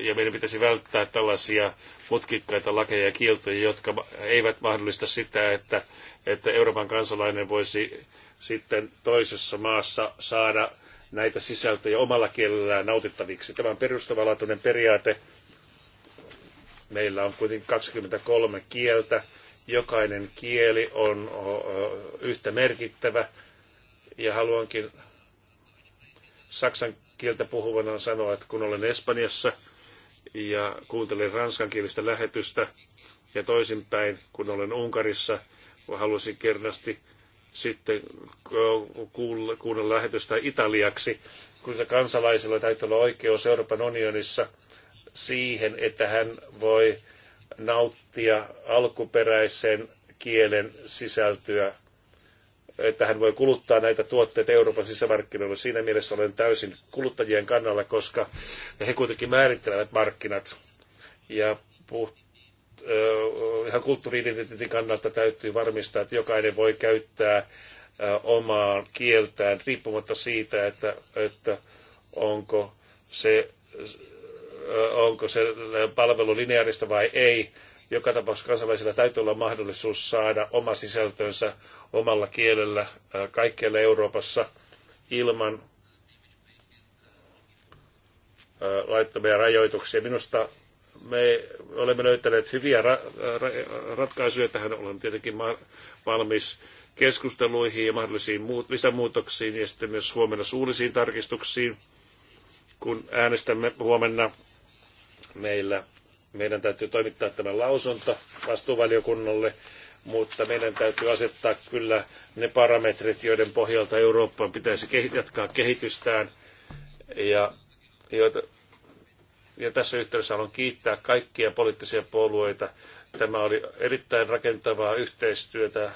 Speaker 2: ja meidän pitäisi välttää tällaisia mutkikkaita lakeja ja kieltoja, jotka eivät mahdollista sitä, että, että Euroopan kansalainen voisi sitten toisessa maassa saada näitä sisältöjä omalla kielellään nautittaviksi. Tämä on perustavanlaatuinen periaate. Meillä on kuitenkin 23 kieltä. Jokainen kieli on yhtä merkittävä. Ja haluankin Saksan kieltä puhuvana sanoa, että kun olen Espanjassa ja kuuntelen ranskankielistä lähetystä ja toisinpäin, kun olen Unkarissa, halusin kerrasti sitten kuunnella lähetystä italiaksi, kun kansalaisilla täytyy olla oikeus Euroopan unionissa siihen, että hän voi nauttia alkuperäisen kielen sisältöä että hän voi kuluttaa näitä tuotteita Euroopan sisämarkkinoilla. Siinä mielessä olen täysin kuluttajien kannalla, koska he kuitenkin määrittelevät markkinat. Ja puht- ihan kulttuuriidentiteetin kannalta täytyy varmistaa, että jokainen voi käyttää omaa kieltään riippumatta siitä, että, että onko se onko se palvelu lineaarista vai ei. Joka tapauksessa kansalaisilla täytyy olla mahdollisuus saada oma sisältönsä omalla kielellä kaikkialla Euroopassa ilman laittomia rajoituksia. Minusta me olemme löytäneet hyviä ra ra ratkaisuja tähän. Olen tietenkin valmis keskusteluihin ja mahdollisiin muut, lisämuutoksiin ja sitten myös huomenna suullisiin tarkistuksiin. Kun äänestämme huomenna, meillä meidän täytyy toimittaa tämä lausunto vastuuvaliokunnalle, mutta meidän täytyy asettaa kyllä ne parametrit, joiden pohjalta Euroopan pitäisi jatkaa kehitystään. Ja, joita, ja tässä yhteydessä haluan kiittää kaikkia poliittisia puolueita. Tämä oli erittäin rakentavaa yhteistyötä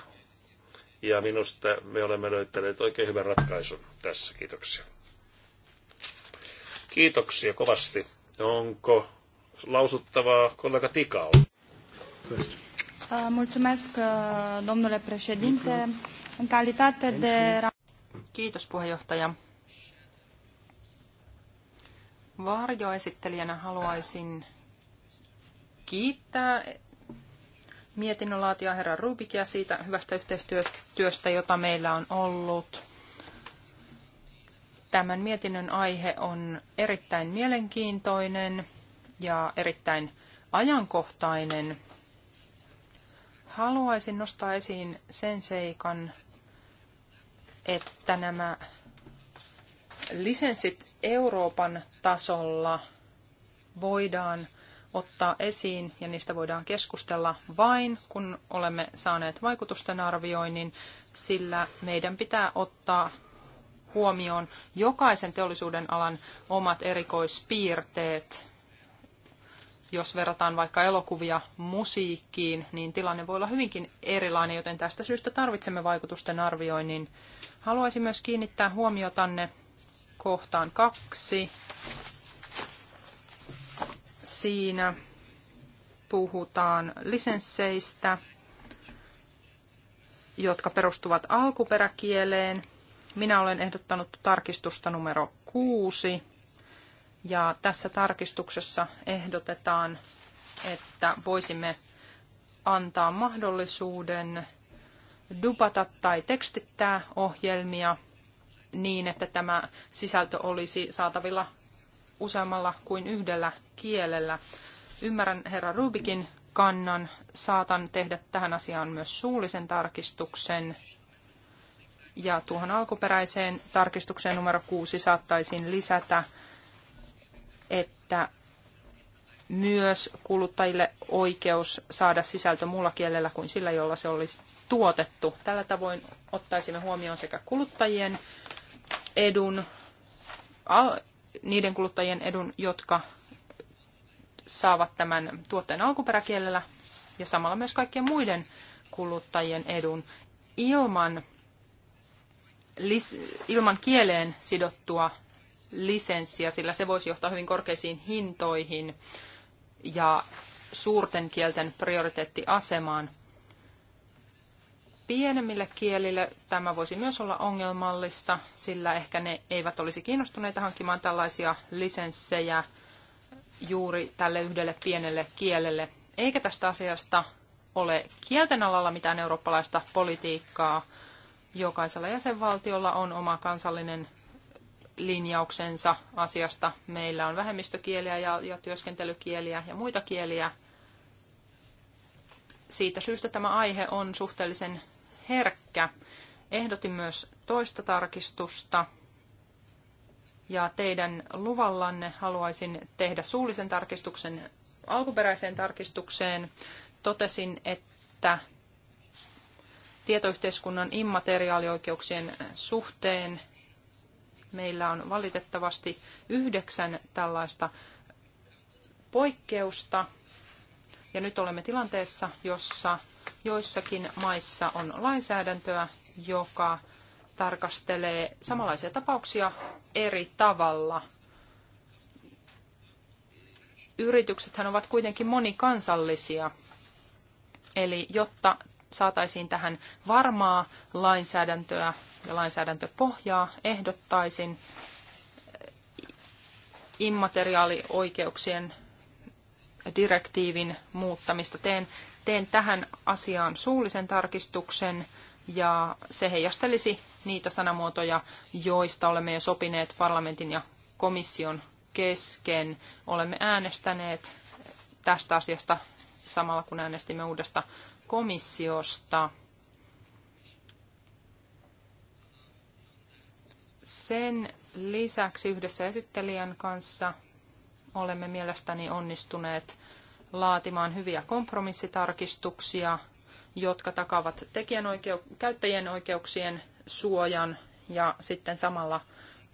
Speaker 2: ja minusta me olemme löytäneet oikein hyvän ratkaisun tässä. Kiitoksia. Kiitoksia kovasti. Onko lausuttavaa kollega Tikau. Uh,
Speaker 1: mulțumesc, uh, domnule președinte. În calitate de... Kiitos, puheenjohtaja. Varjoesittelijänä haluaisin kiittää mietinnönlaatija herra Rubikia siitä hyvästä yhteistyöstä, jota meillä on ollut. Tämän mietinnön aihe on erittäin mielenkiintoinen ja erittäin ajankohtainen. Haluaisin nostaa esiin sen seikan, että nämä lisenssit Euroopan tasolla voidaan ottaa esiin ja niistä voidaan keskustella vain, kun olemme saaneet vaikutusten arvioinnin, sillä meidän pitää ottaa huomioon jokaisen teollisuuden alan omat erikoispiirteet jos verrataan vaikka elokuvia musiikkiin, niin tilanne voi olla hyvinkin erilainen, joten tästä syystä tarvitsemme vaikutusten arvioinnin. Haluaisin myös kiinnittää huomiotanne kohtaan kaksi. Siinä puhutaan lisensseistä, jotka perustuvat alkuperäkieleen. Minä olen ehdottanut tarkistusta numero kuusi ja tässä tarkistuksessa ehdotetaan, että voisimme antaa mahdollisuuden dubata tai tekstittää ohjelmia niin, että tämä sisältö olisi saatavilla useammalla kuin yhdellä kielellä. Ymmärrän herra Rubikin kannan. Saatan tehdä tähän asiaan myös suullisen tarkistuksen. Ja tuohon alkuperäiseen tarkistukseen numero 6 saattaisin lisätä että myös kuluttajille oikeus saada sisältö muulla kielellä kuin sillä, jolla se olisi tuotettu. Tällä tavoin ottaisimme huomioon sekä kuluttajien edun, niiden kuluttajien edun, jotka saavat tämän tuotteen alkuperäkielellä ja samalla myös kaikkien muiden kuluttajien edun ilman, ilman kieleen sidottua lisenssiä, sillä se voisi johtaa hyvin korkeisiin hintoihin ja suurten kielten prioriteettiasemaan. Pienemmille kielille tämä voisi myös olla ongelmallista, sillä ehkä ne eivät olisi kiinnostuneita hankkimaan tällaisia lisenssejä juuri tälle yhdelle pienelle kielelle. Eikä tästä asiasta ole kielten alalla mitään eurooppalaista politiikkaa. Jokaisella jäsenvaltiolla on oma kansallinen linjauksensa asiasta. Meillä on vähemmistökieliä ja, ja työskentelykieliä ja muita kieliä. Siitä syystä tämä aihe on suhteellisen herkkä. Ehdotin myös toista tarkistusta. Ja teidän luvallanne haluaisin tehdä suullisen tarkistuksen alkuperäiseen tarkistukseen. Totesin, että tietoyhteiskunnan immateriaalioikeuksien suhteen meillä on valitettavasti yhdeksän tällaista poikkeusta. Ja nyt olemme tilanteessa, jossa joissakin maissa on lainsäädäntöä, joka tarkastelee samanlaisia tapauksia eri tavalla. Yrityksethän ovat kuitenkin monikansallisia. Eli jotta saataisiin tähän varmaa lainsäädäntöä, ja lainsäädäntöpohjaa ehdottaisin immateriaalioikeuksien direktiivin muuttamista. Teen, teen tähän asiaan suullisen tarkistuksen ja se heijastelisi niitä sanamuotoja, joista olemme jo sopineet parlamentin ja komission kesken. Olemme äänestäneet tästä asiasta samalla kun äänestimme uudesta komissiosta. Sen lisäksi yhdessä esittelijän kanssa olemme mielestäni onnistuneet laatimaan hyviä kompromissitarkistuksia, jotka takavat tekijänoikeu- käyttäjien oikeuksien suojan ja sitten samalla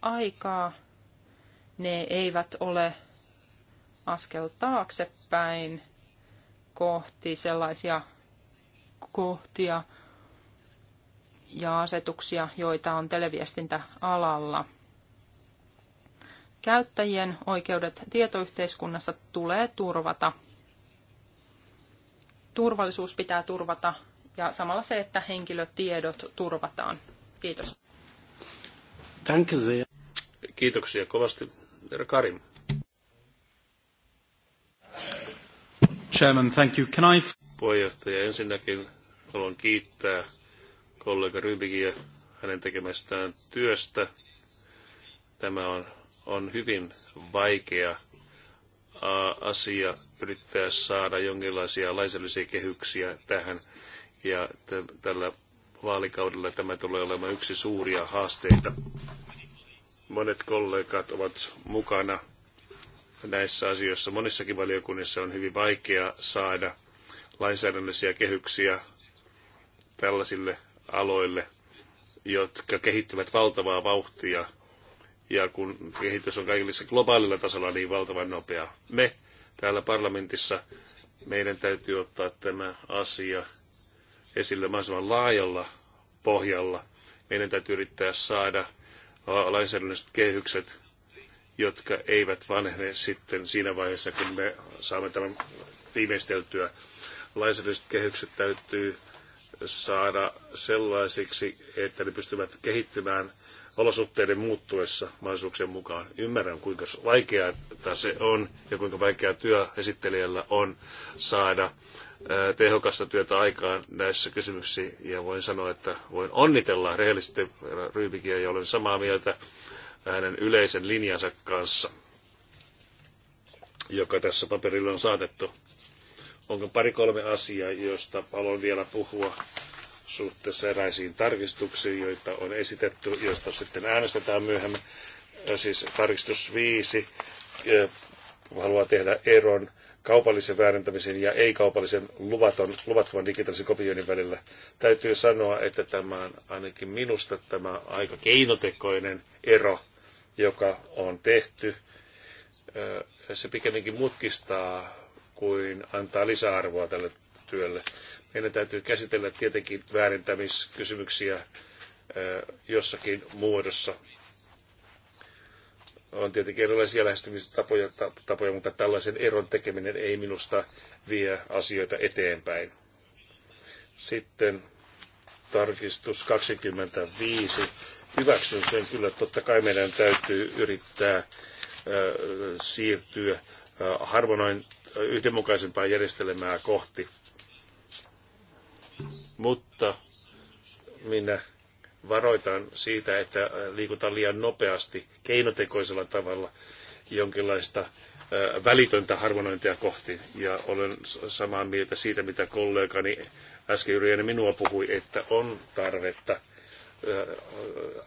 Speaker 1: aikaa ne eivät ole askel taaksepäin kohti sellaisia kohtia, ja asetuksia, joita on televiestintäalalla. Käyttäjien oikeudet tietoyhteiskunnassa tulee turvata. Turvallisuus pitää turvata ja samalla se, että henkilötiedot turvataan. Kiitos.
Speaker 2: Kiitoksia kovasti, Karim.
Speaker 1: Chairman, thank you. Can I...
Speaker 2: Puheenjohtaja, ensinnäkin haluan kiittää kollega Rybigia hänen tekemästään työstä. Tämä on, on hyvin vaikea asia yrittää saada jonkinlaisia laisellisia kehyksiä tähän. Ja tällä vaalikaudella tämä tulee olemaan yksi suuria haasteita. Monet kollegat ovat mukana näissä asioissa. Monissakin valiokunnissa on hyvin vaikea saada lainsäädännöllisiä kehyksiä tällaisille aloille, jotka kehittyvät valtavaa vauhtia. Ja kun kehitys on kaikilla globaalilla tasolla niin valtavan nopea. Me täällä parlamentissa, meidän täytyy ottaa tämä asia esille mahdollisimman laajalla pohjalla. Meidän täytyy yrittää saada lainsäädännölliset kehykset, jotka eivät vanhene sitten siinä vaiheessa, kun me saamme tämän viimeisteltyä. Lainsäädännölliset kehykset täytyy saada sellaisiksi, että ne pystyvät kehittymään olosuhteiden muuttuessa mahdollisuuksien mukaan. Ymmärrän, kuinka vaikeaa se on ja kuinka vaikeaa työ esittelijällä on saada tehokasta työtä aikaan näissä kysymyksissä. Ja voin sanoa, että voin onnitella rehellisesti Ryybikiä ja olen samaa mieltä hänen yleisen linjansa kanssa, joka tässä paperilla on saatettu. Onko pari-kolme asiaa, joista haluan vielä puhua suhteessa eräisiin tarkistuksiin, joita on esitetty, joista sitten äänestetään myöhemmin. Siis tarkistus 5 haluaa tehdä eron kaupallisen väärentämisen ja ei-kaupallisen luvaton, luvattoman digitaalisen kopioinnin välillä. Täytyy sanoa, että tämä on ainakin minusta tämä aika keinotekoinen ero, joka on tehty. Se pikemminkin mutkistaa kuin antaa lisäarvoa tälle työlle. Meidän täytyy käsitellä tietenkin väärintämiskysymyksiä jossakin muodossa. On tietenkin erilaisia lähestymistapoja, tapoja, mutta tällaisen eron tekeminen ei minusta vie asioita eteenpäin. Sitten tarkistus 25. Hyväksyn sen kyllä, totta kai meidän täytyy yrittää siirtyä harvoin yhdenmukaisempaa järjestelmää kohti. Mutta minä varoitan siitä, että liikutaan liian nopeasti keinotekoisella tavalla jonkinlaista välitöntä harmonointia kohti. Ja olen samaa mieltä siitä, mitä kollegani äsken juuri minua puhui, että on tarvetta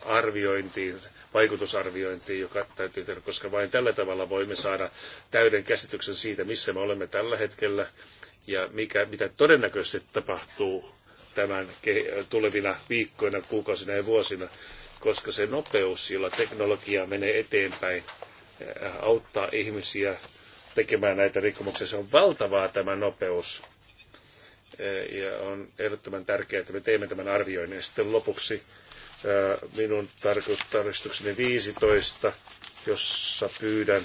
Speaker 2: arviointiin vaikutusarviointiin, joka täytyy tehdä, koska vain tällä tavalla voimme saada täyden käsityksen siitä, missä me olemme tällä hetkellä ja mikä, mitä todennäköisesti tapahtuu tämän tulevina viikkoina, kuukausina ja vuosina, koska se nopeus, jolla teknologia menee eteenpäin, äh, auttaa ihmisiä tekemään näitä rikkomuksia. Se on valtavaa tämä nopeus. Äh, ja on ehdottoman tärkeää, että me teemme tämän arvioinnin. Ja sitten lopuksi minun tarkoitustarkistukseni 15, jossa pyydän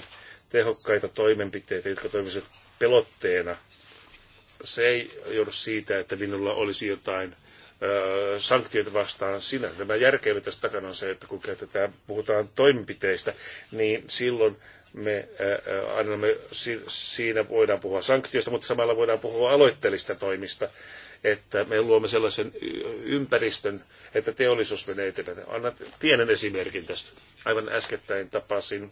Speaker 2: tehokkaita toimenpiteitä, jotka toimisivat pelotteena. Se ei joudu siitä, että minulla olisi jotain sanktioita vastaan sinä. Tämä järkeily tässä takana on se, että kun käytetään, puhutaan toimenpiteistä, niin silloin me annamme, siinä voidaan puhua sanktioista, mutta samalla voidaan puhua aloitteellista toimista että me luomme sellaisen ympäristön, että teollisuus menee eteenpäin. Annan pienen esimerkin tästä. Aivan äskettäin tapasin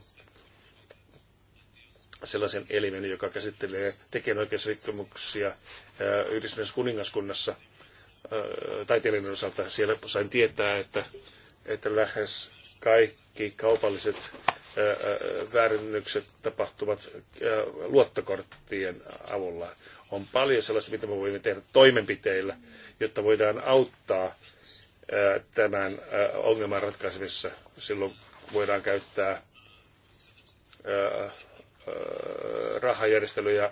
Speaker 2: sellaisen elimen, joka käsittelee tekijänoikeusrikkomuksia yhdistyneessä kuningaskunnassa taiteilijan osalta. Siellä sain tietää, että, että lähes kaikki kaupalliset väärennykset tapahtuvat luottokorttien avulla. On paljon sellaista, mitä me voimme tehdä toimenpiteillä, jotta voidaan auttaa tämän ongelman ratkaisemisessa. Silloin voidaan käyttää rahajärjestelyjä,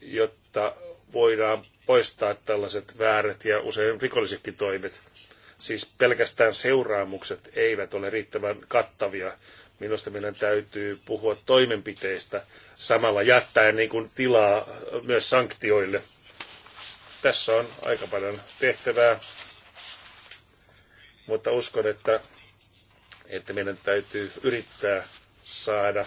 Speaker 2: jotta voidaan poistaa tällaiset väärät ja usein rikollisetkin toimet. Siis pelkästään seuraamukset eivät ole riittävän kattavia Minusta meidän täytyy puhua toimenpiteistä samalla jättäen niin kuin tilaa myös sanktioille. Tässä on aika paljon tehtävää, mutta uskon, että, että meidän täytyy yrittää saada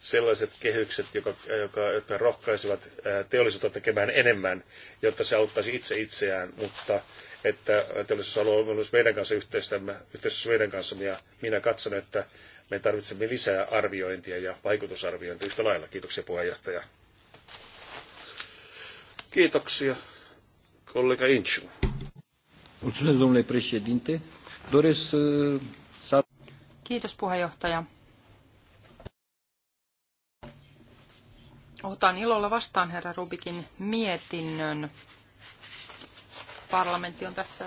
Speaker 2: sellaiset kehykset, joka, joka, jotka rohkaisivat teollisuutta tekemään enemmän, jotta se auttaisi itse itseään, mutta että teollisuus haluaa myös meidän kanssa yhteistyössä meidän kanssa. Ja minä katson, että me tarvitsemme lisää arviointia ja vaikutusarviointia yhtä lailla. Kiitoksia puheenjohtaja. Kiitoksia. Kollega Inchu. Mulțumesc, domnule președinte. Doresc să...
Speaker 1: Kiitos, puheenjohtaja. Otan ilolla vastaan herra Rubikin mietinnön. Parlamentti on tässä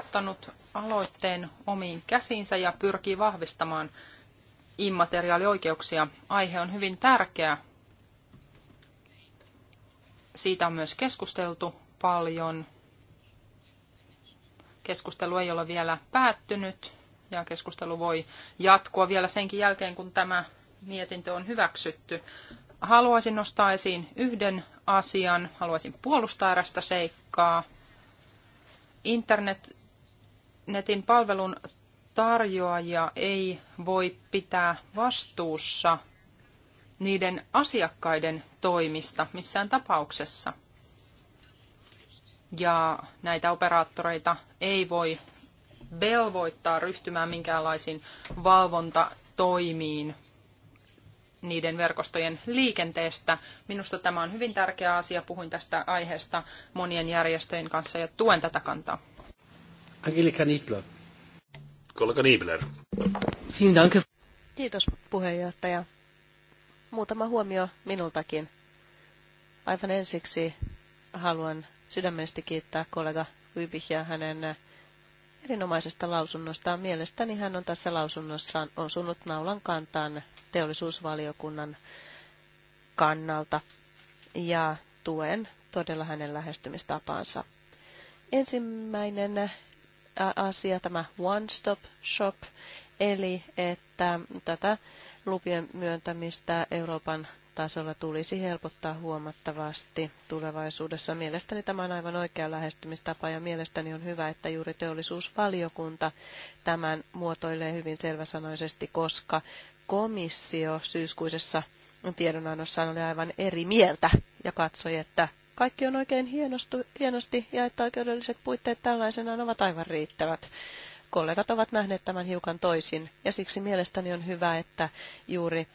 Speaker 1: ottanut aloitteen omiin käsiinsä ja pyrkii vahvistamaan immateriaalioikeuksia. Aihe on hyvin tärkeä. Siitä on myös keskusteltu paljon. Keskustelu ei ole vielä päättynyt ja keskustelu voi jatkua vielä senkin jälkeen, kun tämä mietintö on hyväksytty. Haluaisin nostaa esiin yhden asian. Haluaisin puolustaa erästä seikkaa. internetin palvelun tarjoajia ei voi pitää vastuussa niiden asiakkaiden toimista missään tapauksessa. Ja näitä operaattoreita ei voi velvoittaa ryhtymään minkäänlaisiin valvontatoimiin niiden verkostojen liikenteestä. Minusta tämä on hyvin tärkeä asia. Puhuin tästä aiheesta monien järjestöjen kanssa ja tuen tätä kantaa.
Speaker 2: Angelika Niebler kollega Niebler.
Speaker 3: Kiitos puheenjohtaja. Muutama huomio minultakin. Aivan ensiksi haluan sydämellisesti kiittää kollega ja hänen erinomaisesta lausunnostaan. Mielestäni hän on tässä lausunnossaan osunut naulan kantaan teollisuusvaliokunnan kannalta ja tuen todella hänen lähestymistapaansa. Ensimmäinen asia, tämä One Stop Shop, eli että tätä lupien myöntämistä Euroopan tasolla tulisi helpottaa huomattavasti tulevaisuudessa. Mielestäni tämä on aivan oikea lähestymistapa ja mielestäni on hyvä, että juuri teollisuusvaliokunta tämän muotoilee hyvin selväsanoisesti, koska komissio syyskuisessa tiedonannossaan oli aivan eri mieltä ja katsoi, että kaikki on oikein hienostu, hienosti ja että oikeudelliset puitteet tällaisenaan ovat aivan riittävät. Kollegat ovat nähneet tämän hiukan toisin ja siksi mielestäni on hyvä, että juuri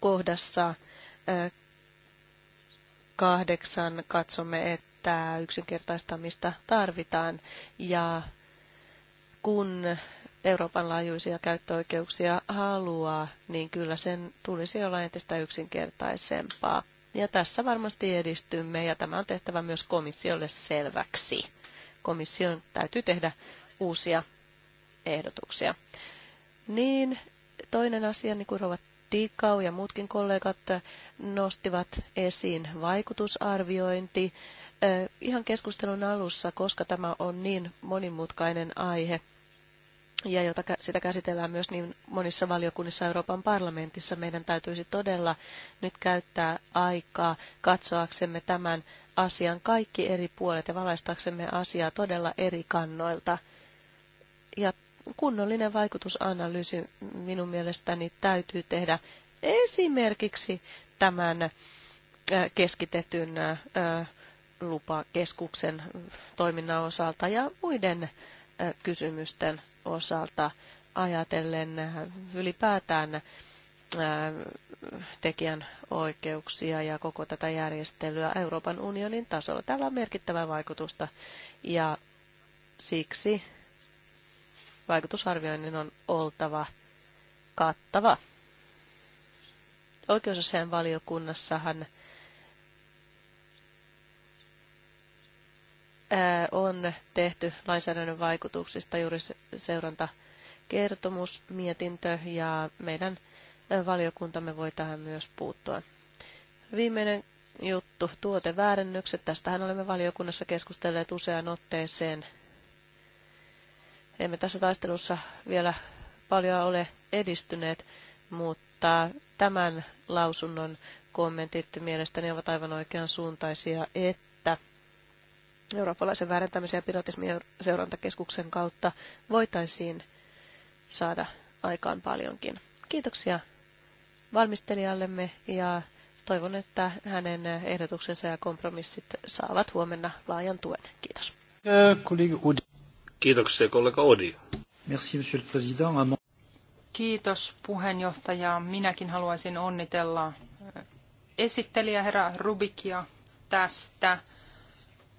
Speaker 3: kohdassa kahdeksan katsomme, että yksinkertaistamista tarvitaan ja kun Euroopan laajuisia käyttöoikeuksia haluaa, niin kyllä sen tulisi olla entistä yksinkertaisempaa. Ja tässä varmasti edistymme ja tämä on tehtävä myös komissiolle selväksi. Komission täytyy tehdä uusia ehdotuksia. Niin toinen asia, niin kuin Rova Tikau ja muutkin kollegat nostivat esiin vaikutusarviointi. Ihan keskustelun alussa, koska tämä on niin monimutkainen aihe, ja jota sitä käsitellään myös niin monissa valiokunnissa Euroopan parlamentissa, meidän täytyisi todella nyt käyttää aikaa katsoaksemme tämän asian kaikki eri puolet ja valaistaksemme asiaa todella eri kannoilta. Ja kunnollinen vaikutusanalyysi minun mielestäni täytyy tehdä esimerkiksi tämän keskitetyn lupakeskuksen toiminnan osalta ja muiden kysymysten osalta ajatellen ylipäätään tekijän oikeuksia ja koko tätä järjestelyä Euroopan unionin tasolla. Tällä on merkittävää vaikutusta ja siksi vaikutusarvioinnin on oltava kattava. Oikeusasian valiokunnassahan on tehty lainsäädännön vaikutuksista juuri seuranta mietintö ja meidän valiokuntamme voi tähän myös puuttua. Viimeinen juttu, tuoteväärennykset. Tästähän olemme valiokunnassa keskustelleet useaan otteeseen. Emme tässä taistelussa vielä paljon ole edistyneet, mutta tämän lausunnon kommentit mielestäni ovat aivan oikean suuntaisia, että eurooppalaisen väärentämisen ja piratismin seurantakeskuksen kautta voitaisiin saada aikaan paljonkin. Kiitoksia valmistelijallemme ja toivon, että hänen ehdotuksensa ja kompromissit saavat huomenna laajan tuen. Kiitos.
Speaker 2: Kiitoksia kollega Odi. Merci, monsieur le président.
Speaker 1: Kiitos puheenjohtaja. Minäkin haluaisin onnitella esittelijä herra Rubikia tästä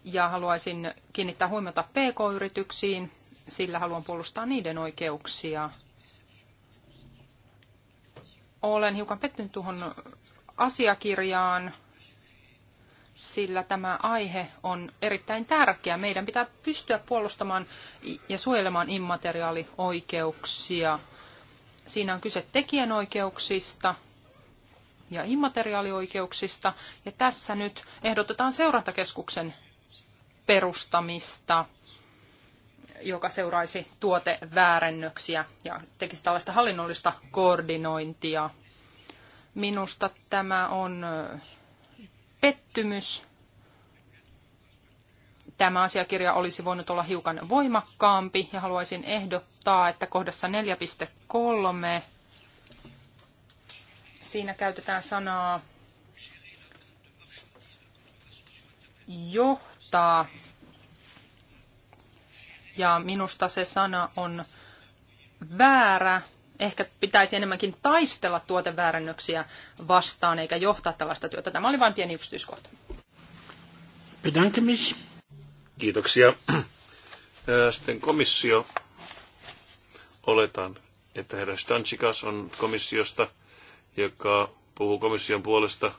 Speaker 1: ja haluaisin kiinnittää huomiota PK-yrityksiin, sillä haluan puolustaa niiden oikeuksia. Olen hiukan pettynyt tuohon asiakirjaan, sillä tämä aihe on erittäin tärkeä. Meidän pitää pystyä puolustamaan ja suojelemaan immateriaalioikeuksia. Siinä on kyse tekijänoikeuksista ja immateriaalioikeuksista, ja tässä nyt ehdotetaan seurantakeskuksen perustamista, joka seuraisi tuoteväärennöksiä ja tekisi tällaista hallinnollista koordinointia. Minusta tämä on pettymys. Tämä asiakirja olisi voinut olla hiukan voimakkaampi ja haluaisin ehdottaa, että kohdassa 4.3 siinä käytetään sanaa johto johtaa. Ja minusta se sana on väärä. Ehkä pitäisi enemmänkin taistella tuoteväärännöksiä vastaan eikä johtaa tällaista työtä. Tämä oli vain pieni yksityiskohta.
Speaker 2: Bedanke Kiitoksia. Äh, sitten komissio. Oletan, että herra Stanchikas on komissiosta, joka puhuu komission puolesta,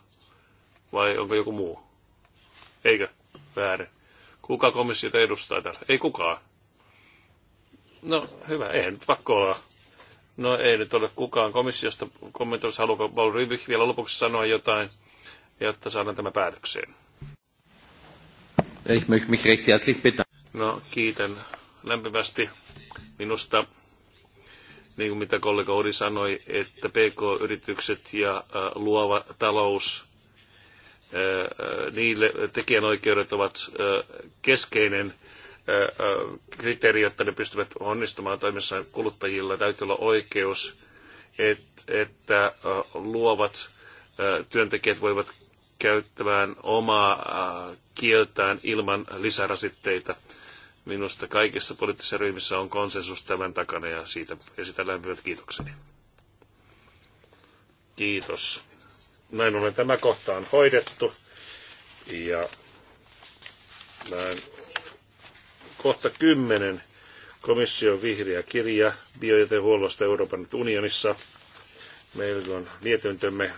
Speaker 2: vai onko joku muu? Eikö? väärin. Kuka komissiota edustaa täällä? Ei kukaan. No hyvä, ei nyt pakko olla. No ei nyt ole kukaan komissiosta kommentoissa. Haluaako Paul Rybich vielä lopuksi sanoa jotain, jotta saadaan tämä päätökseen? Ei möchte mich recht herzlich bedanken. No kiitän lämpimästi minusta, niin kuin mitä kollega Ori sanoi, että PK-yritykset ja äh, luova talous niille tekijänoikeudet ovat keskeinen kriteeri, jotta ne pystyvät onnistumaan toimissaan kuluttajilla. Täytyy olla oikeus, että luovat työntekijät voivat käyttämään omaa kieltään ilman lisärasitteita. Minusta kaikissa poliittisissa ryhmissä on konsensus tämän takana ja siitä esitän lämpimät kiitokseni. Kiitos. Näin ollen tämä kohta on hoidettu. Ja näin. kohta kymmenen komission vihreä kirja biojätehuollosta Euroopan unionissa. Meillä on mietintömme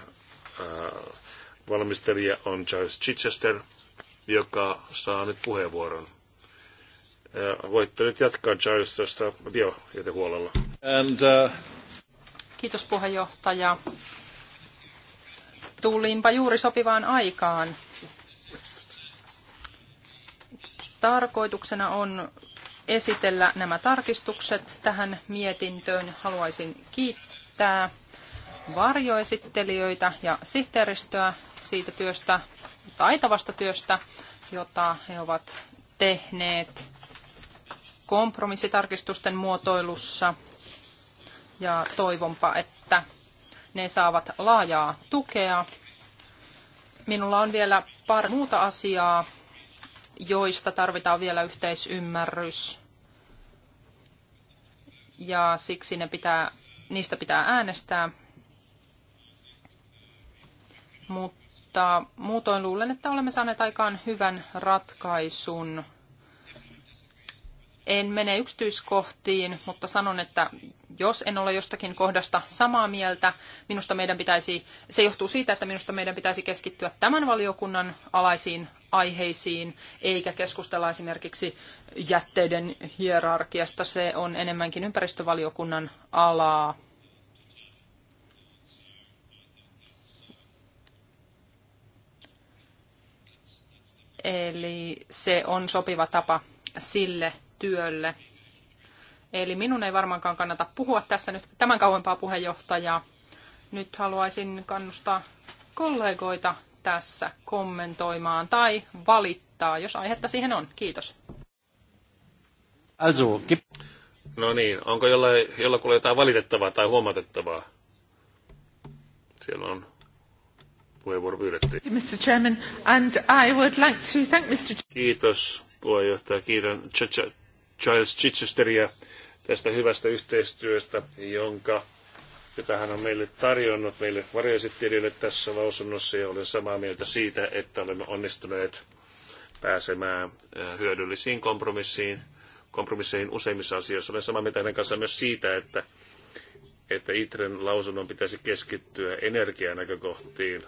Speaker 2: valmistelija on Charles Chichester, joka saa nyt puheenvuoron. Voitte nyt jatkaa Charles tästä biojätehuollolla. And, uh...
Speaker 1: Kiitos puheenjohtaja. Tulinpa juuri sopivaan aikaan. Tarkoituksena on esitellä nämä tarkistukset tähän mietintöön. Haluaisin kiittää varjoesittelijöitä ja sihteeristöä siitä työstä, taitavasta työstä, jota he ovat tehneet kompromissitarkistusten muotoilussa. Ja toivonpa, että ne saavat laajaa tukea. Minulla on vielä pari muuta asiaa, joista tarvitaan vielä yhteisymmärrys. Ja siksi ne pitää, niistä pitää äänestää. Mutta muutoin luulen, että olemme saaneet aikaan hyvän ratkaisun. En mene yksityiskohtiin, mutta sanon, että jos en ole jostakin kohdasta samaa mieltä, minusta meidän pitäisi, se johtuu siitä, että minusta meidän pitäisi keskittyä tämän valiokunnan alaisiin aiheisiin, eikä keskustella esimerkiksi jätteiden hierarkiasta. Se on enemmänkin ympäristövaliokunnan alaa. Eli se on sopiva tapa sille työlle. Eli minun ei varmaankaan kannata puhua tässä nyt tämän kauempaa puheenjohtajaa. Nyt haluaisin kannustaa kollegoita tässä kommentoimaan tai valittaa, jos aihetta siihen on. Kiitos.
Speaker 2: No niin, onko jollain, jollakulla jotain valitettavaa tai huomatettavaa? Siellä on puheenvuoro pyydetty.
Speaker 1: Mr. Chairman, and I would like to thank Mr.
Speaker 2: Kiitos puheenjohtaja. Kiitän Ch -ch Charles Chichesteria tästä hyvästä yhteistyöstä, jonka jota hän on meille tarjonnut, meille varjoesittelijöille tässä lausunnossa, ja olen samaa mieltä siitä, että olemme onnistuneet pääsemään hyödyllisiin kompromissiin, kompromisseihin useimmissa asioissa. Olen samaa mieltä hänen kanssa myös siitä, että, että ITREn lausunnon pitäisi keskittyä energianäkökohtiin.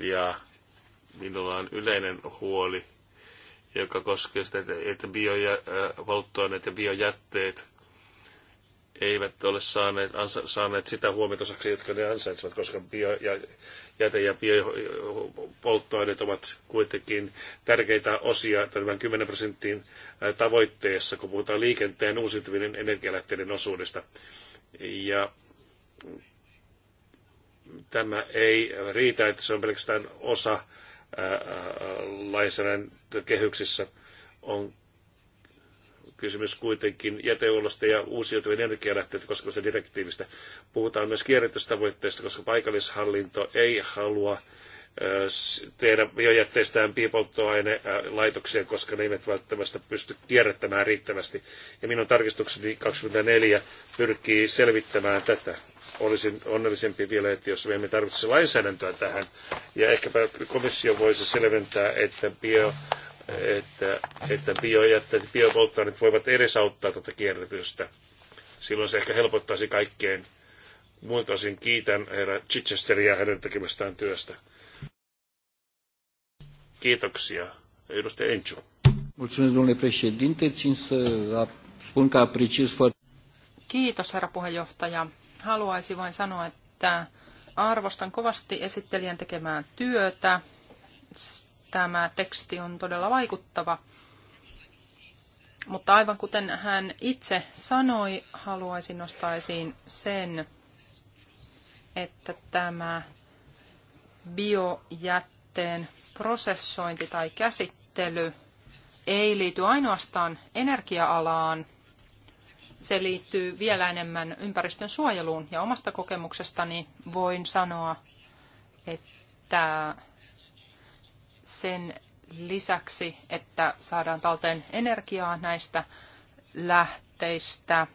Speaker 2: Ja minulla on yleinen huoli joka koskee sitä, että biopolttoaineet äh, ja biojätteet eivät ole saaneet, ansa, saaneet sitä huomiotosaksi, jotka ne ansaitsevat, koska bio, ja, jäte- ja biopolttoaineet ovat kuitenkin tärkeitä osia tämän 10 prosentin äh, tavoitteessa, kun puhutaan liikenteen uusiutuvien energialähteiden osuudesta. Ja tämä ei riitä, että se on pelkästään osa lainsäädäntökehyksissä on kysymys kuitenkin jätehuollosta ja uusiutuvien energialähteitä koskevasta direktiivistä. Puhutaan myös kierrätystavoitteista, koska paikallishallinto ei halua tehdä biojätteistään biopolttoainelaitokseen, äh, koska ne eivät välttämättä pysty kierrättämään riittävästi. Ja minun tarkistukseni 24 pyrkii selvittämään tätä. Olisin onnellisempi vielä, että jos me emme tarvitse lainsäädäntöä tähän, ja ehkäpä komissio voisi selventää, että bio että, että biojätteet ja biopolttoaineet voivat edesauttaa tätä kierrätystä. Silloin se ehkä helpottaisi kaikkeen. Muilta osin kiitän herra Chichesteria hänen tekemästään työstä. Kiitoksia. Edustaja Enchu.
Speaker 1: Mulțumesc, domnule președinte. Țin să spun că apreciez foarte... Kiitos, herra puheenjohtaja. Haluaisin vain sanoa, että arvostan kovasti esittelijän tekemää työtä. Tämä teksti on todella vaikuttava. Mutta aivan kuten hän itse sanoi, haluaisin nostaa esiin sen, että tämä biojätteen prosessointi tai käsittely ei liity ainoastaan energia-alaan. Se liittyy vielä enemmän ympäristön suojeluun ja omasta kokemuksestani voin sanoa, että sen lisäksi, että saadaan talteen energiaa näistä lähteistä,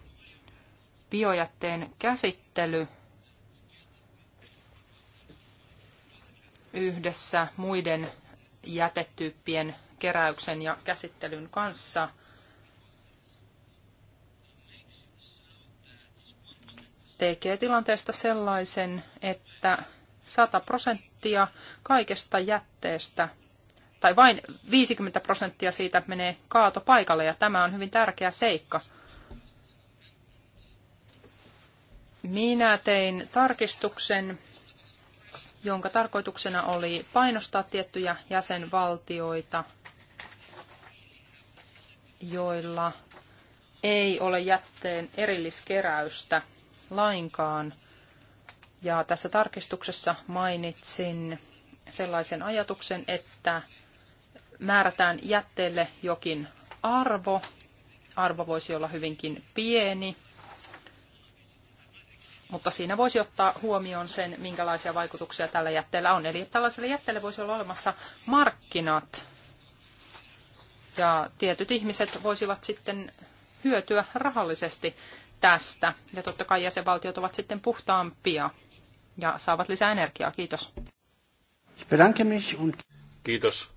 Speaker 1: biojätteen käsittely yhdessä muiden jätetyyppien keräyksen ja käsittelyn kanssa. tekee tilanteesta sellaisen, että 100 prosenttia kaikesta jätteestä tai vain 50 prosenttia siitä menee kaatopaikalle ja tämä on hyvin tärkeä seikka. Minä tein tarkistuksen jonka tarkoituksena oli painostaa tiettyjä jäsenvaltioita, joilla ei ole jätteen erilliskeräystä lainkaan. Ja tässä tarkistuksessa mainitsin sellaisen ajatuksen, että määrätään jätteelle jokin arvo. Arvo voisi olla hyvinkin pieni, mutta siinä voisi ottaa huomioon sen, minkälaisia vaikutuksia tällä jätteellä on. Eli tällaiselle jätteelle voisi olla olemassa markkinat. Ja tietyt ihmiset voisivat sitten hyötyä rahallisesti tästä. Ja totta kai jäsenvaltiot ovat sitten puhtaampia ja saavat lisää energiaa. Kiitos.
Speaker 2: Kiitos.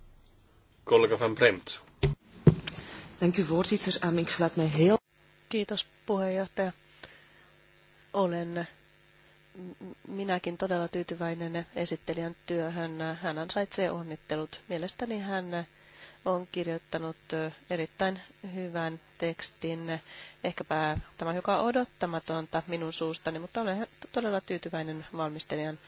Speaker 2: Kollega van Bremt.
Speaker 1: Ehm,
Speaker 3: Kiitos puheenjohtaja. Olen minäkin todella tyytyväinen esittelijän työhön. Hän ansaitsee onnittelut. Mielestäni hän on kirjoittanut erittäin hyvän tekstin. Ehkäpä tämä joka odottamatonta minun suustani, mutta olen todella tyytyväinen valmistelijan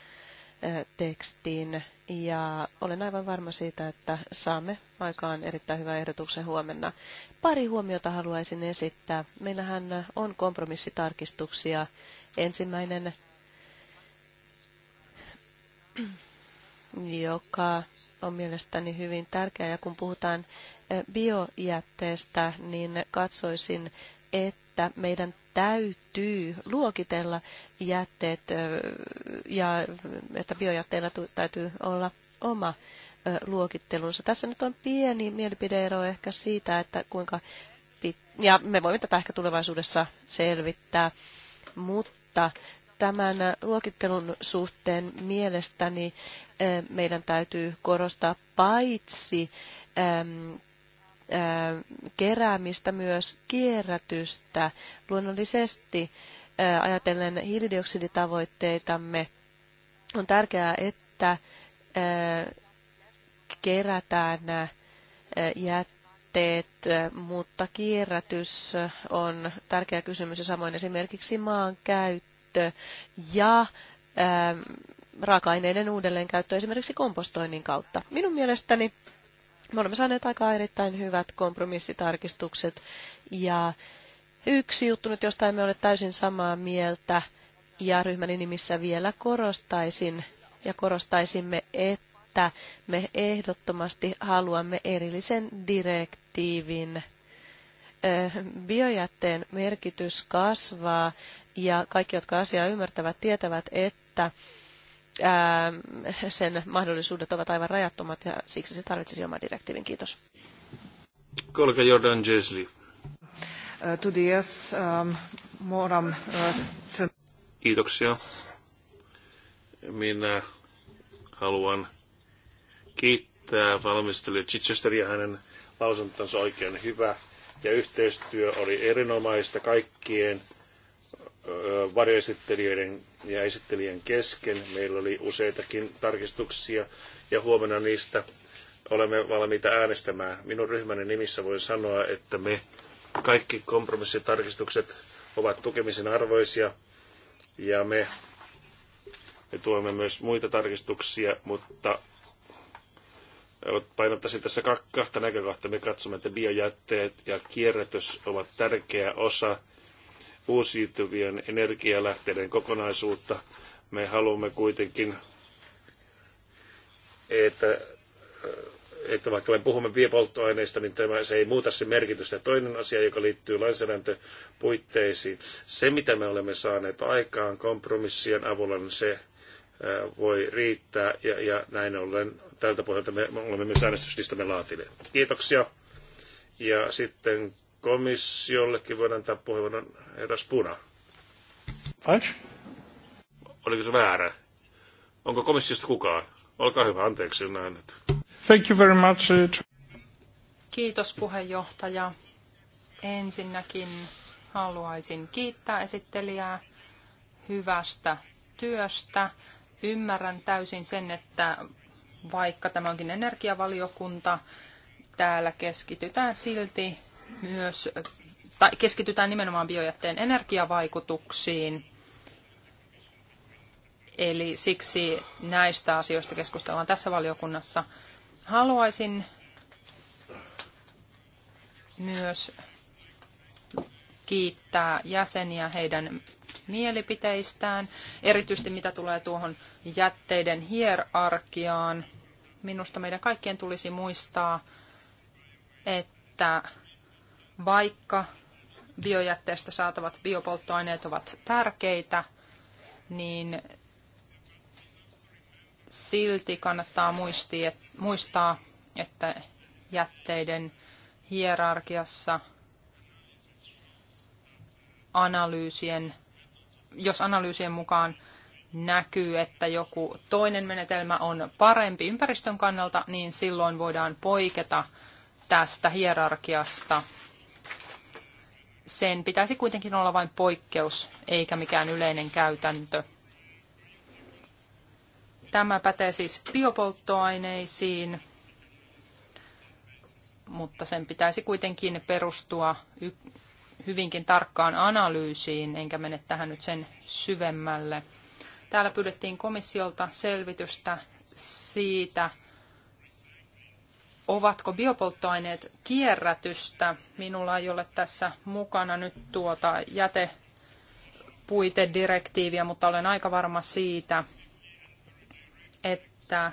Speaker 3: tekstiin. Ja olen aivan varma siitä, että saamme aikaan erittäin hyvän ehdotuksen huomenna. Pari huomiota haluaisin esittää. Meillähän on kompromissitarkistuksia Ensimmäinen, joka on mielestäni hyvin tärkeä. Ja kun puhutaan eh, biojätteestä, niin katsoisin, että meidän täytyy luokitella jätteet eh, ja että biojätteillä täytyy olla oma eh, luokittelunsa. Tässä nyt on pieni mielipideero ehkä siitä, että kuinka, ja me voimme tätä ehkä tulevaisuudessa selvittää, mutta mutta tämän luokittelun suhteen mielestäni eh, meidän täytyy korostaa paitsi keräämistä myös kierrätystä. Luonnollisesti eh, ajatellen hiilidioksiditavoitteitamme on tärkeää, että eh, kerätään jätteitä jätteet, mutta kierrätys on tärkeä kysymys ja samoin esimerkiksi maan käyttö ja ähm, raaka-aineiden uudelleenkäyttö esimerkiksi kompostoinnin kautta. Minun mielestäni me olemme saaneet aika erittäin hyvät kompromissitarkistukset ja yksi juttu nyt, josta emme ole täysin samaa mieltä ja ryhmäni nimissä vielä korostaisin ja korostaisimme, että me ehdottomasti haluamme erillisen direktiivin direktiivin biojätteen merkitys kasvaa ja kaikki, jotka asiaa ymmärtävät, tietävät, että sen mahdollisuudet ovat aivan rajattomat ja siksi se tarvitsisi oman direktiivin. Kiitos.
Speaker 2: kolka Jordan Jesli.
Speaker 3: Um, moram... Um, uh,
Speaker 2: Kiitoksia. Minä haluan kiittää valmistelija Chichesteria hänen lausuntonsa oikein hyvä ja yhteistyö oli erinomaista kaikkien varjoesittelijöiden ja esittelijän kesken. Meillä oli useitakin tarkistuksia ja huomenna niistä olemme valmiita äänestämään. Minun ryhmäni nimissä voin sanoa, että me kaikki kompromissitarkistukset ovat tukemisen arvoisia ja me, me tuemme myös muita tarkistuksia, mutta painottaisin tässä kahta näkökohtaa. Me katsomme, että biojätteet ja kierrätys ovat tärkeä osa uusiutuvien energialähteiden kokonaisuutta. Me haluamme kuitenkin, että, että vaikka me puhumme biopolttoaineista, niin tämä, se ei muuta sen merkitystä. Toinen asia, joka liittyy lainsäädäntöpuitteisiin, se mitä me olemme saaneet aikaan kompromissien avulla, niin se voi riittää ja, ja näin ollen tältä pohjalta me olemme myös äänestyslistamme laatineet. Kiitoksia. Ja sitten komissiollekin voidaan antaa puheenvuoron herra Spuna. Oliko se väärä? Onko komissiosta kukaan? Olkaa hyvä, anteeksi, on nyt. Thank you very much. Uh,
Speaker 1: Kiitos puheenjohtaja. Ensinnäkin haluaisin kiittää esittelijää hyvästä työstä. Ymmärrän täysin sen, että vaikka tämä onkin energiavaliokunta, täällä keskitytään silti myös, tai keskitytään nimenomaan biojätteen energiavaikutuksiin. Eli siksi näistä asioista keskustellaan tässä valiokunnassa. Haluaisin myös kiittää jäseniä heidän mielipiteistään, erityisesti mitä tulee tuohon jätteiden hierarkiaan. Minusta meidän kaikkien tulisi muistaa, että vaikka biojätteestä saatavat biopolttoaineet ovat tärkeitä, niin silti kannattaa muistaa, että jätteiden hierarkiassa – analyysien, jos analyysien mukaan näkyy, että joku toinen menetelmä on parempi ympäristön kannalta, niin silloin voidaan poiketa tästä hierarkiasta. Sen pitäisi kuitenkin olla vain poikkeus, eikä mikään yleinen käytäntö. Tämä pätee siis biopolttoaineisiin, mutta sen pitäisi kuitenkin perustua hyvinkin tarkkaan analyysiin, enkä mene tähän nyt sen syvemmälle. Täällä pyydettiin komissiolta selvitystä siitä, ovatko biopolttoaineet kierrätystä. Minulla ei ole tässä mukana nyt tuota jätepuitedirektiiviä, mutta olen aika varma siitä, että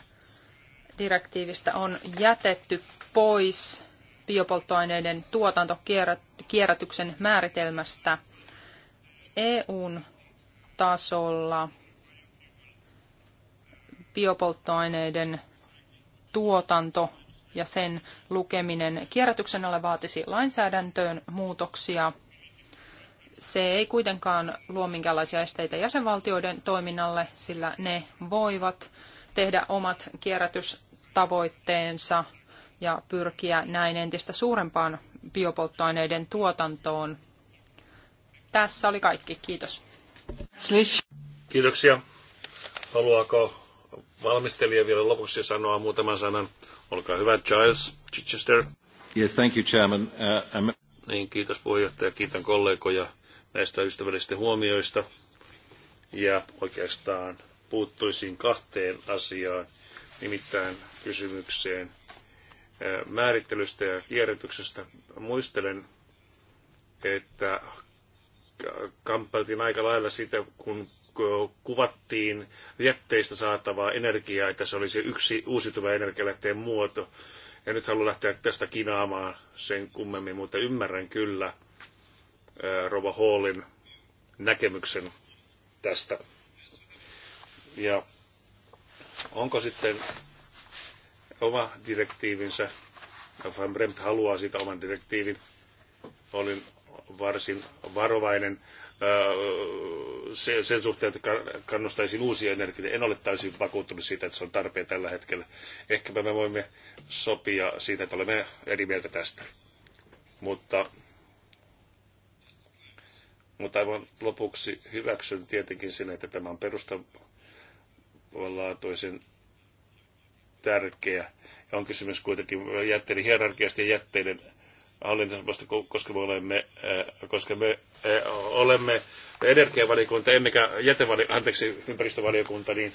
Speaker 1: direktiivistä on jätetty pois biopolttoaineiden tuotantokierrätyksen määritelmästä EUn tasolla biopolttoaineiden tuotanto ja sen lukeminen kierrätyksen alle vaatisi lainsäädäntöön muutoksia. Se ei kuitenkaan luo minkäänlaisia esteitä jäsenvaltioiden toiminnalle, sillä ne voivat tehdä omat kierrätystavoitteensa ja pyrkiä näin entistä suurempaan biopolttoaineiden tuotantoon. Tässä oli kaikki. Kiitos.
Speaker 2: Kiitoksia. Haluaako valmistelija vielä lopuksi sanoa muutaman sanan? Olkaa hyvä, Giles Chichester. Yes, thank you, Chairman. Uh, niin, kiitos puheenjohtaja. Kiitän kollegoja näistä ystävällisistä huomioista. Ja oikeastaan puuttuisin kahteen asiaan, nimittäin kysymykseen – määrittelystä ja kierrätyksestä. Muistelen, että kamppailtiin aika lailla sitä, kun kuvattiin jätteistä saatavaa energiaa, että se olisi yksi uusiutuva energialähteen muoto. Ja nyt haluan lähteä tästä kinaamaan sen kummemmin, mutta ymmärrän kyllä Rova Hallin näkemyksen tästä. Ja onko sitten oma direktiivinsä. Van Bremt haluaa siitä oman direktiivin. Olin varsin varovainen sen suhteen, että kannustaisin uusia energioita. En ole täysin vakuuttunut siitä, että se on tarpeen tällä hetkellä. Ehkäpä me voimme sopia siitä, että olemme eri mieltä tästä. Mutta, mutta aivan lopuksi hyväksyn tietenkin sen, että tämä on perustavanlaatuisen tärkeä. Ja on kysymys kuitenkin jätteiden hierarkiasta ja jätteiden hallintasopasta, koska me olemme, äh, koska me äh, olemme energiavaliokunta, emmekä jätevali, anteeksi, ympäristövaliokunta, niin,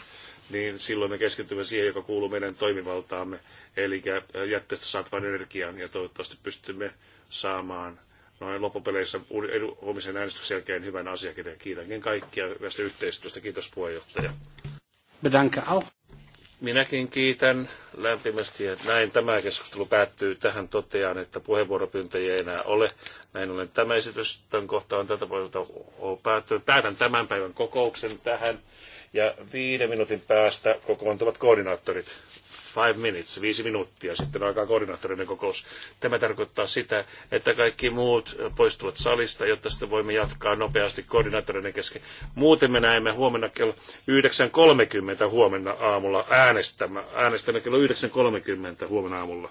Speaker 2: niin silloin me keskitymme siihen, joka kuuluu meidän toimivaltaamme, eli äh, jätteestä saatavan energian ja toivottavasti pystymme saamaan noin loppupeleissä huomisen äänestyksen jälkeen hyvän asiakirjan. Kiitänkin kaikkia tästä yhteistyöstä. Kiitos puheenjohtaja.
Speaker 1: Bedanke auch.
Speaker 2: Minäkin kiitän lämpimästi, ja näin tämä keskustelu päättyy. Tähän totean, että puheenvuoropyyntöjä ei enää ole. Näin ollen tämä esitys tämän kohta on tätä puolelta päättynyt. Päätän tämän päivän kokouksen tähän ja viiden minuutin päästä kokoontuvat koordinaattorit five minutes, viisi minuuttia sitten alkaa koordinaattorinen kokous. Tämä tarkoittaa sitä, että kaikki muut poistuvat salista, jotta sitten voimme jatkaa nopeasti koordinaattorinen kesken. Muuten me näemme huomenna kello 9.30 huomenna aamulla äänestämme. Äänestämme kello 9.30 huomenna aamulla.